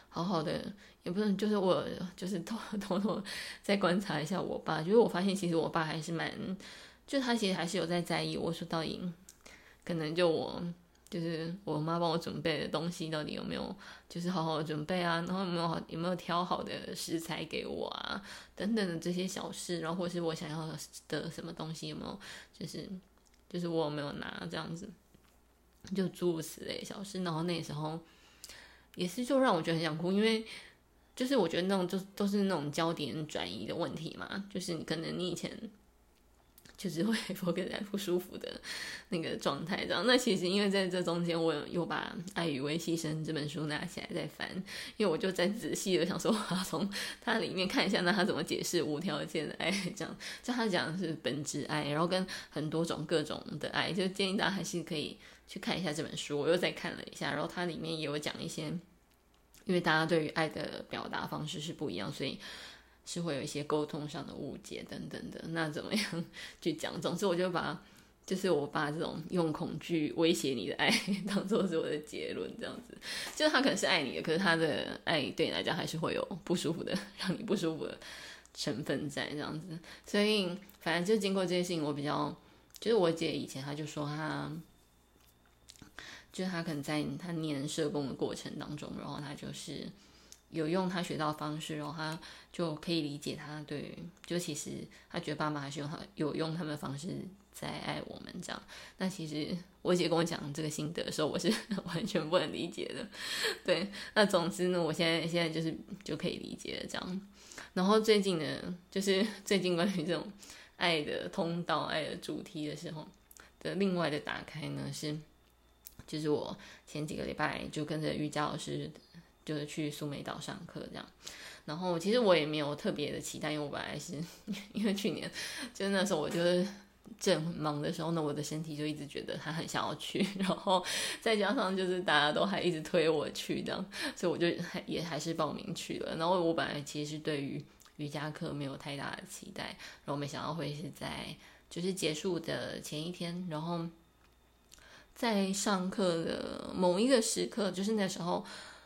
好好的，也不是，就是我就是偷偷偷再觀察一下我爸，就是我發現其實我爸還是蠻，就他其實還是有在在意，我說到底，可能就我。就是我媽幫我準備的東西到底有沒有，就是好好準備啊？然後有沒有有沒有挑好的食材給我啊？等等的這些小事，然後或是我想要的什麼東西有沒有，就是就是我有沒有拿這樣子，就諸如此類小事。然後那時候也是就讓我覺得很想哭，因為就是我覺得那種就都是那種焦點轉移的問題嘛，就是你可能你以前。就是會更在不舒服的那個狀態，這樣。那其實因為在這中間，我又把《愛與微犧牲》這本書拿起來再翻，因為我就在仔細的想說，我要從它裡面看一下，那他怎麼解釋無條件的愛，這樣。就他講的是本質愛，然後跟很多種各種的愛，就建議大家還是可以去看一下這本書。我又再看了一下，然後它裡面也有講一些，因為大家對於愛的表達方式是不一樣，所以。是會有一些溝通上的誤解等等的，那怎麼樣去講？總之我就把就是我爸這種用恐懼威脅你的愛，當做是我的結論。這樣子，就是他可能是愛你的，可是他的愛對你來講還是會有不舒服的，讓你不舒服的成分在這樣子。所以反正就經過這些事情，我比較就是我姐以前她就說她，就是她可能在她念社工的過程當中，然後她就是。有用他學到的方式，哦，然後他就可以理解他對，就其實他覺得爸媽還是用他有用他們的方式在愛我們這樣。那其實我姐跟我講這個心得的時候，我是完全不能理解的。對，那總之呢，我現在現在就是就可以理解了這樣。然後最近呢，就是最近關於這種愛的通道、愛的主題的時候的另外的打開呢，是就是我前幾個禮拜就跟着瑜伽老師。就是去蘇梅島上課這樣，然後其實我也沒有特別的期待，因為我本來是，因為去年就那時候我就是正忙的時候呢，那我的身體就一直覺得他很想要去，然後再加上就是大家都還一直推我去這樣，所以我就還也還是報名去了。然後我本來其實是對於瑜伽課沒有太大的期待，然後沒想到會是在就是結束的前一天，然後在上課的某一個時刻，就是那時候。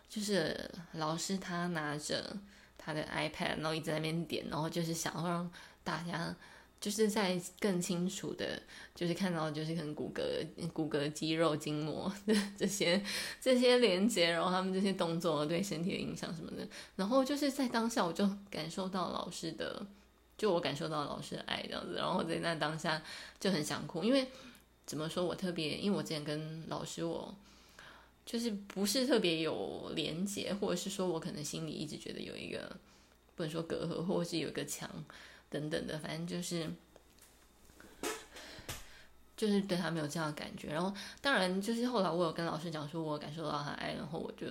就是老師他拿着他的 iPad，然後一直在那邊點，然後就是想要讓大家就是在更清楚的，就是看到就是可能骨骼、骨骼、肌肉、筋膜的這些這些連接，然後他們這些動作對身體的影響什麼的。然後就是在當下，我就感受到老師的，就我感受到老師的愛這樣子。然後在那當下就很想哭，因為怎麼說我特別，因為我之前跟老師我。就是不是特別有連結，或者是說我可能心裡一直覺得有一個不能說隔閡，或者是有一個牆等等的，反正就是就是對他沒有這樣的感覺。然後當然就是後來我有跟老師講，說我感受到他愛，然後我就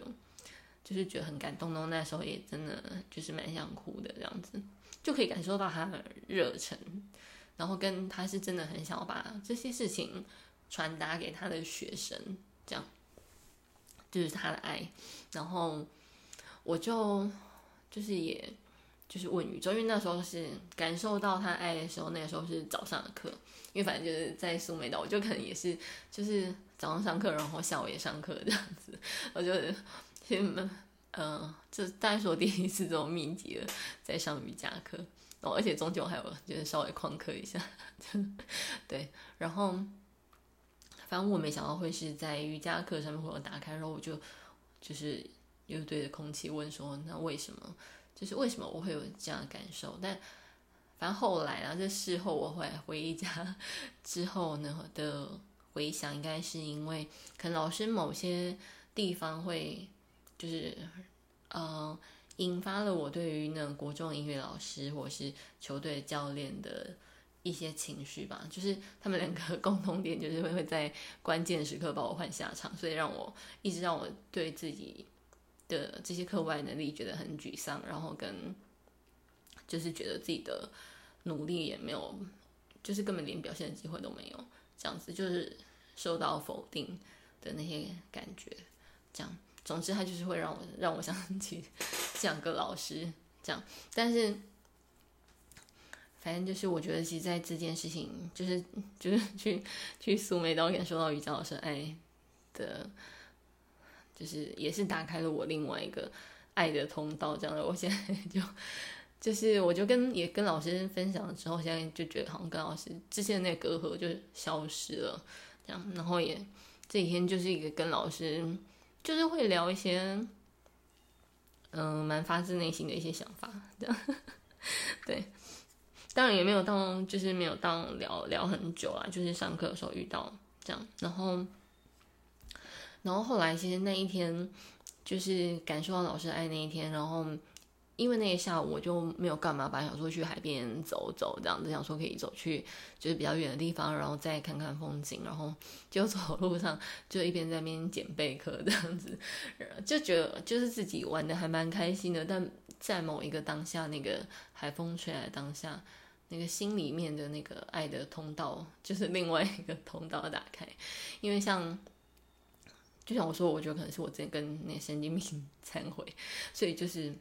就是覺得很感動。然後那時候也真的就是蠻想哭的這樣子，就可以感受到他的熱忱，然後跟他是真的很想把這些事情傳達給他的學生這樣。就是他的愛，然後我就就是也就是問宇宙，因為那時候是感受到他愛的時候，那時候是早上的課，因為反正就是在蘇梅島，我就可能也是就是早上上課，然後下午也上課這樣子，我就嗯，這、嗯呃、大概是我第一次這麼密集的在上瑜伽課，哦，而且終究還有就是稍微曠課一下，對，然後。反正我沒想到會是在瑜伽課上面，會有打開，然後我就就是又對着空氣問說：“那為什麼？就是為什麼我會有這樣的感受？”但反正後來然後、啊、這事後我回來回家之後呢的回想，應該是因為可能老師某些地方會就是呃引發了我對於那國中音樂老師或者是球隊教練的。一些情緒吧，就是他們兩個共同點，就是會會在關鍵時刻把我換下場，所以讓我一直讓我對自己的這些課外能力覺得很沮喪，然後跟就是覺得自己的努力也沒有，就是根本連表現的機會都沒有，這樣子就是受到否定的那些感覺，這樣。總之，他就是會讓我讓我想起這兩個老師，這樣。但是。反正就是，我覺得，其實，在這件事情、就是，就是就是去去蘇梅導演說到瑜伽老師愛的，就是也是打開了我另外一個愛的通道，這樣的。我現在就就是我就跟也跟老師分享了之後，現在就覺得好像跟老師之前的那個隔閡就消失了，這樣。然後也這幾天就是一個跟老師就是會聊一些，嗯、呃，蠻發自內心的一些想法，這樣對。當然也沒有到，就是沒有到聊聊很久啊，就是上課的時候遇到這樣，然後，然後後來其實那一天，就是感受到老師的愛那一天，然後因為那一下午我就沒有幹嘛，本來想說去海邊走走這樣子，想說可以走去就是比較遠的地方，然後再看看風景，然後就走路上就一邊在那邊撿貝殼這樣子，就覺得就是自己玩的還蠻開心的，但在某一個當下，那個海風吹來的當下。那個心裡面的那個愛的通道，就是另外一個通道打開。因為像，就像我說，我覺得可能是我真跟那神經病懺悔，所以就是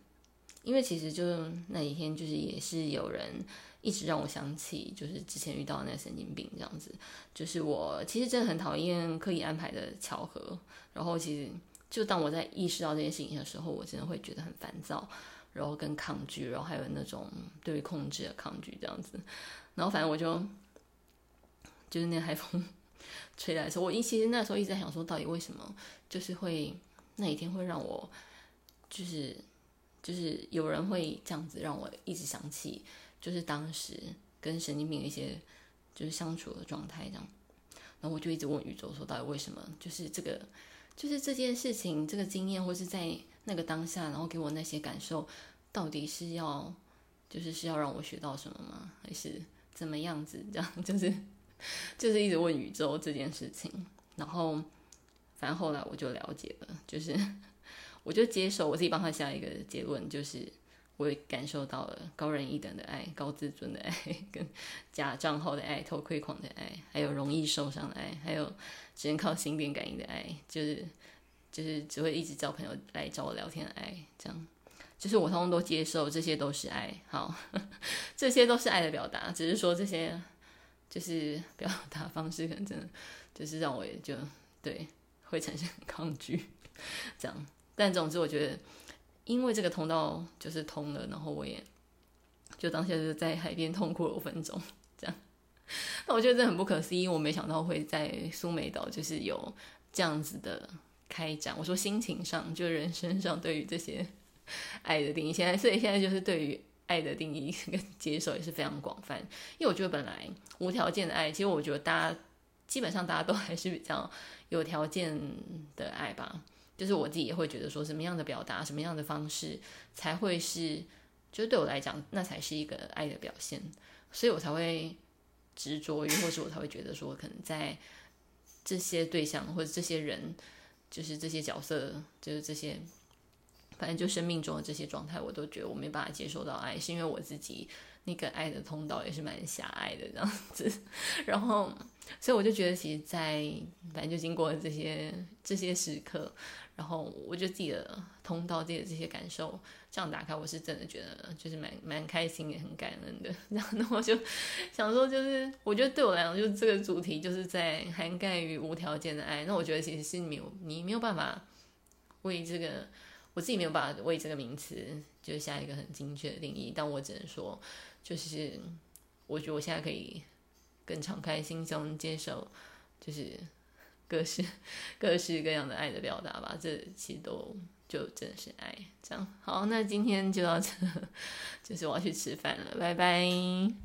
因為其實就那一天，就是也是有人一直讓我想起，就是之前遇到那個神經病這樣子。就是我其實真的很討厭刻意安排的巧合。然後其實就當我在意識到這件事情的時候，我真的會覺得很煩躁。然後跟抗拒，然後還有那種對於控制的抗拒，這樣子。然後反正我就就是那海風吹來的時候，我一其實那時候一直在想說，到底為什麼就是會那一天會讓我就是就是有人會這樣子讓我一直想起，就是當時跟神經病一些就是相處的狀態這樣。然後我就一直問宇宙說，到底為什麼就是這個就是這件事情這個經驗或是在。那個當下，然後給我那些感受，到底是要，就是是要讓我學到什麼嗎？還是怎麼樣子？這樣就是，就是一直問宇宙這件事情。然後，反正後來我就了解了，就是我就接受我自己幫他下一個結論，就是我也感受到了高人一等的愛、高自尊的愛、跟假賬號的愛、偷窺狂的愛、還有容易受傷的愛、還有只能靠心電感應的愛，就是。就是只會一直找朋友來找我聊天，愛，愛這樣，就是我通通都接受，這些都是愛，好呵呵，這些都是愛的表達，只是說這些就是表達方式，可能真的就是讓我也就對會產生抗拒，這樣。但總之，我覺得因為這個通道就是通了，然後我也就當下就在海邊痛哭了五分鐘，這樣。那我覺得這很不可思議，我沒想到會在蘇梅島就是有這樣子的。開展，我說心情上是就人生上，對於這些愛的定義，現在所以現在就是對於愛的定義，跟接受也是非常廣泛。因為我覺得本來無條件的愛，其實我覺得大家基本上大家都還是比較有條件的愛吧。就是我自己也會覺得說，什麼樣的表達，什麼樣的方式才會是，就是對我來講，那才是一個愛的表現。所以我才會執着於，或者我才會覺得說，可能在這些對象或者這些人。就是這些角色，就是這些，反正就生命中的這些狀態，我都覺得我沒辦法接受到愛，是因為我自己那個愛的通道也是蠻狹隘的這樣子。然後，所以我就覺得，其實在，在反正就經過了這些這些時刻，然後，我就自己的通道，自己的這些感受。這樣打開，我是真的覺得就是蠻蠻開心，也很感恩的。然後我就想說，就是我覺得對我來講，就是這個主題就是在涵蓋於無條件的愛。那我覺得其實是沒有，你沒有辦法為這個，我自己沒有辦法為這個名詞就是下一個很精確的定義。但我只能說，就是我覺得我現在可以更敞開心胸接受，就是各式，各式各式各樣的愛的表達吧。這其實都。就真的是愛這樣，好，那今天就到這，就是我要去吃飯了，拜拜。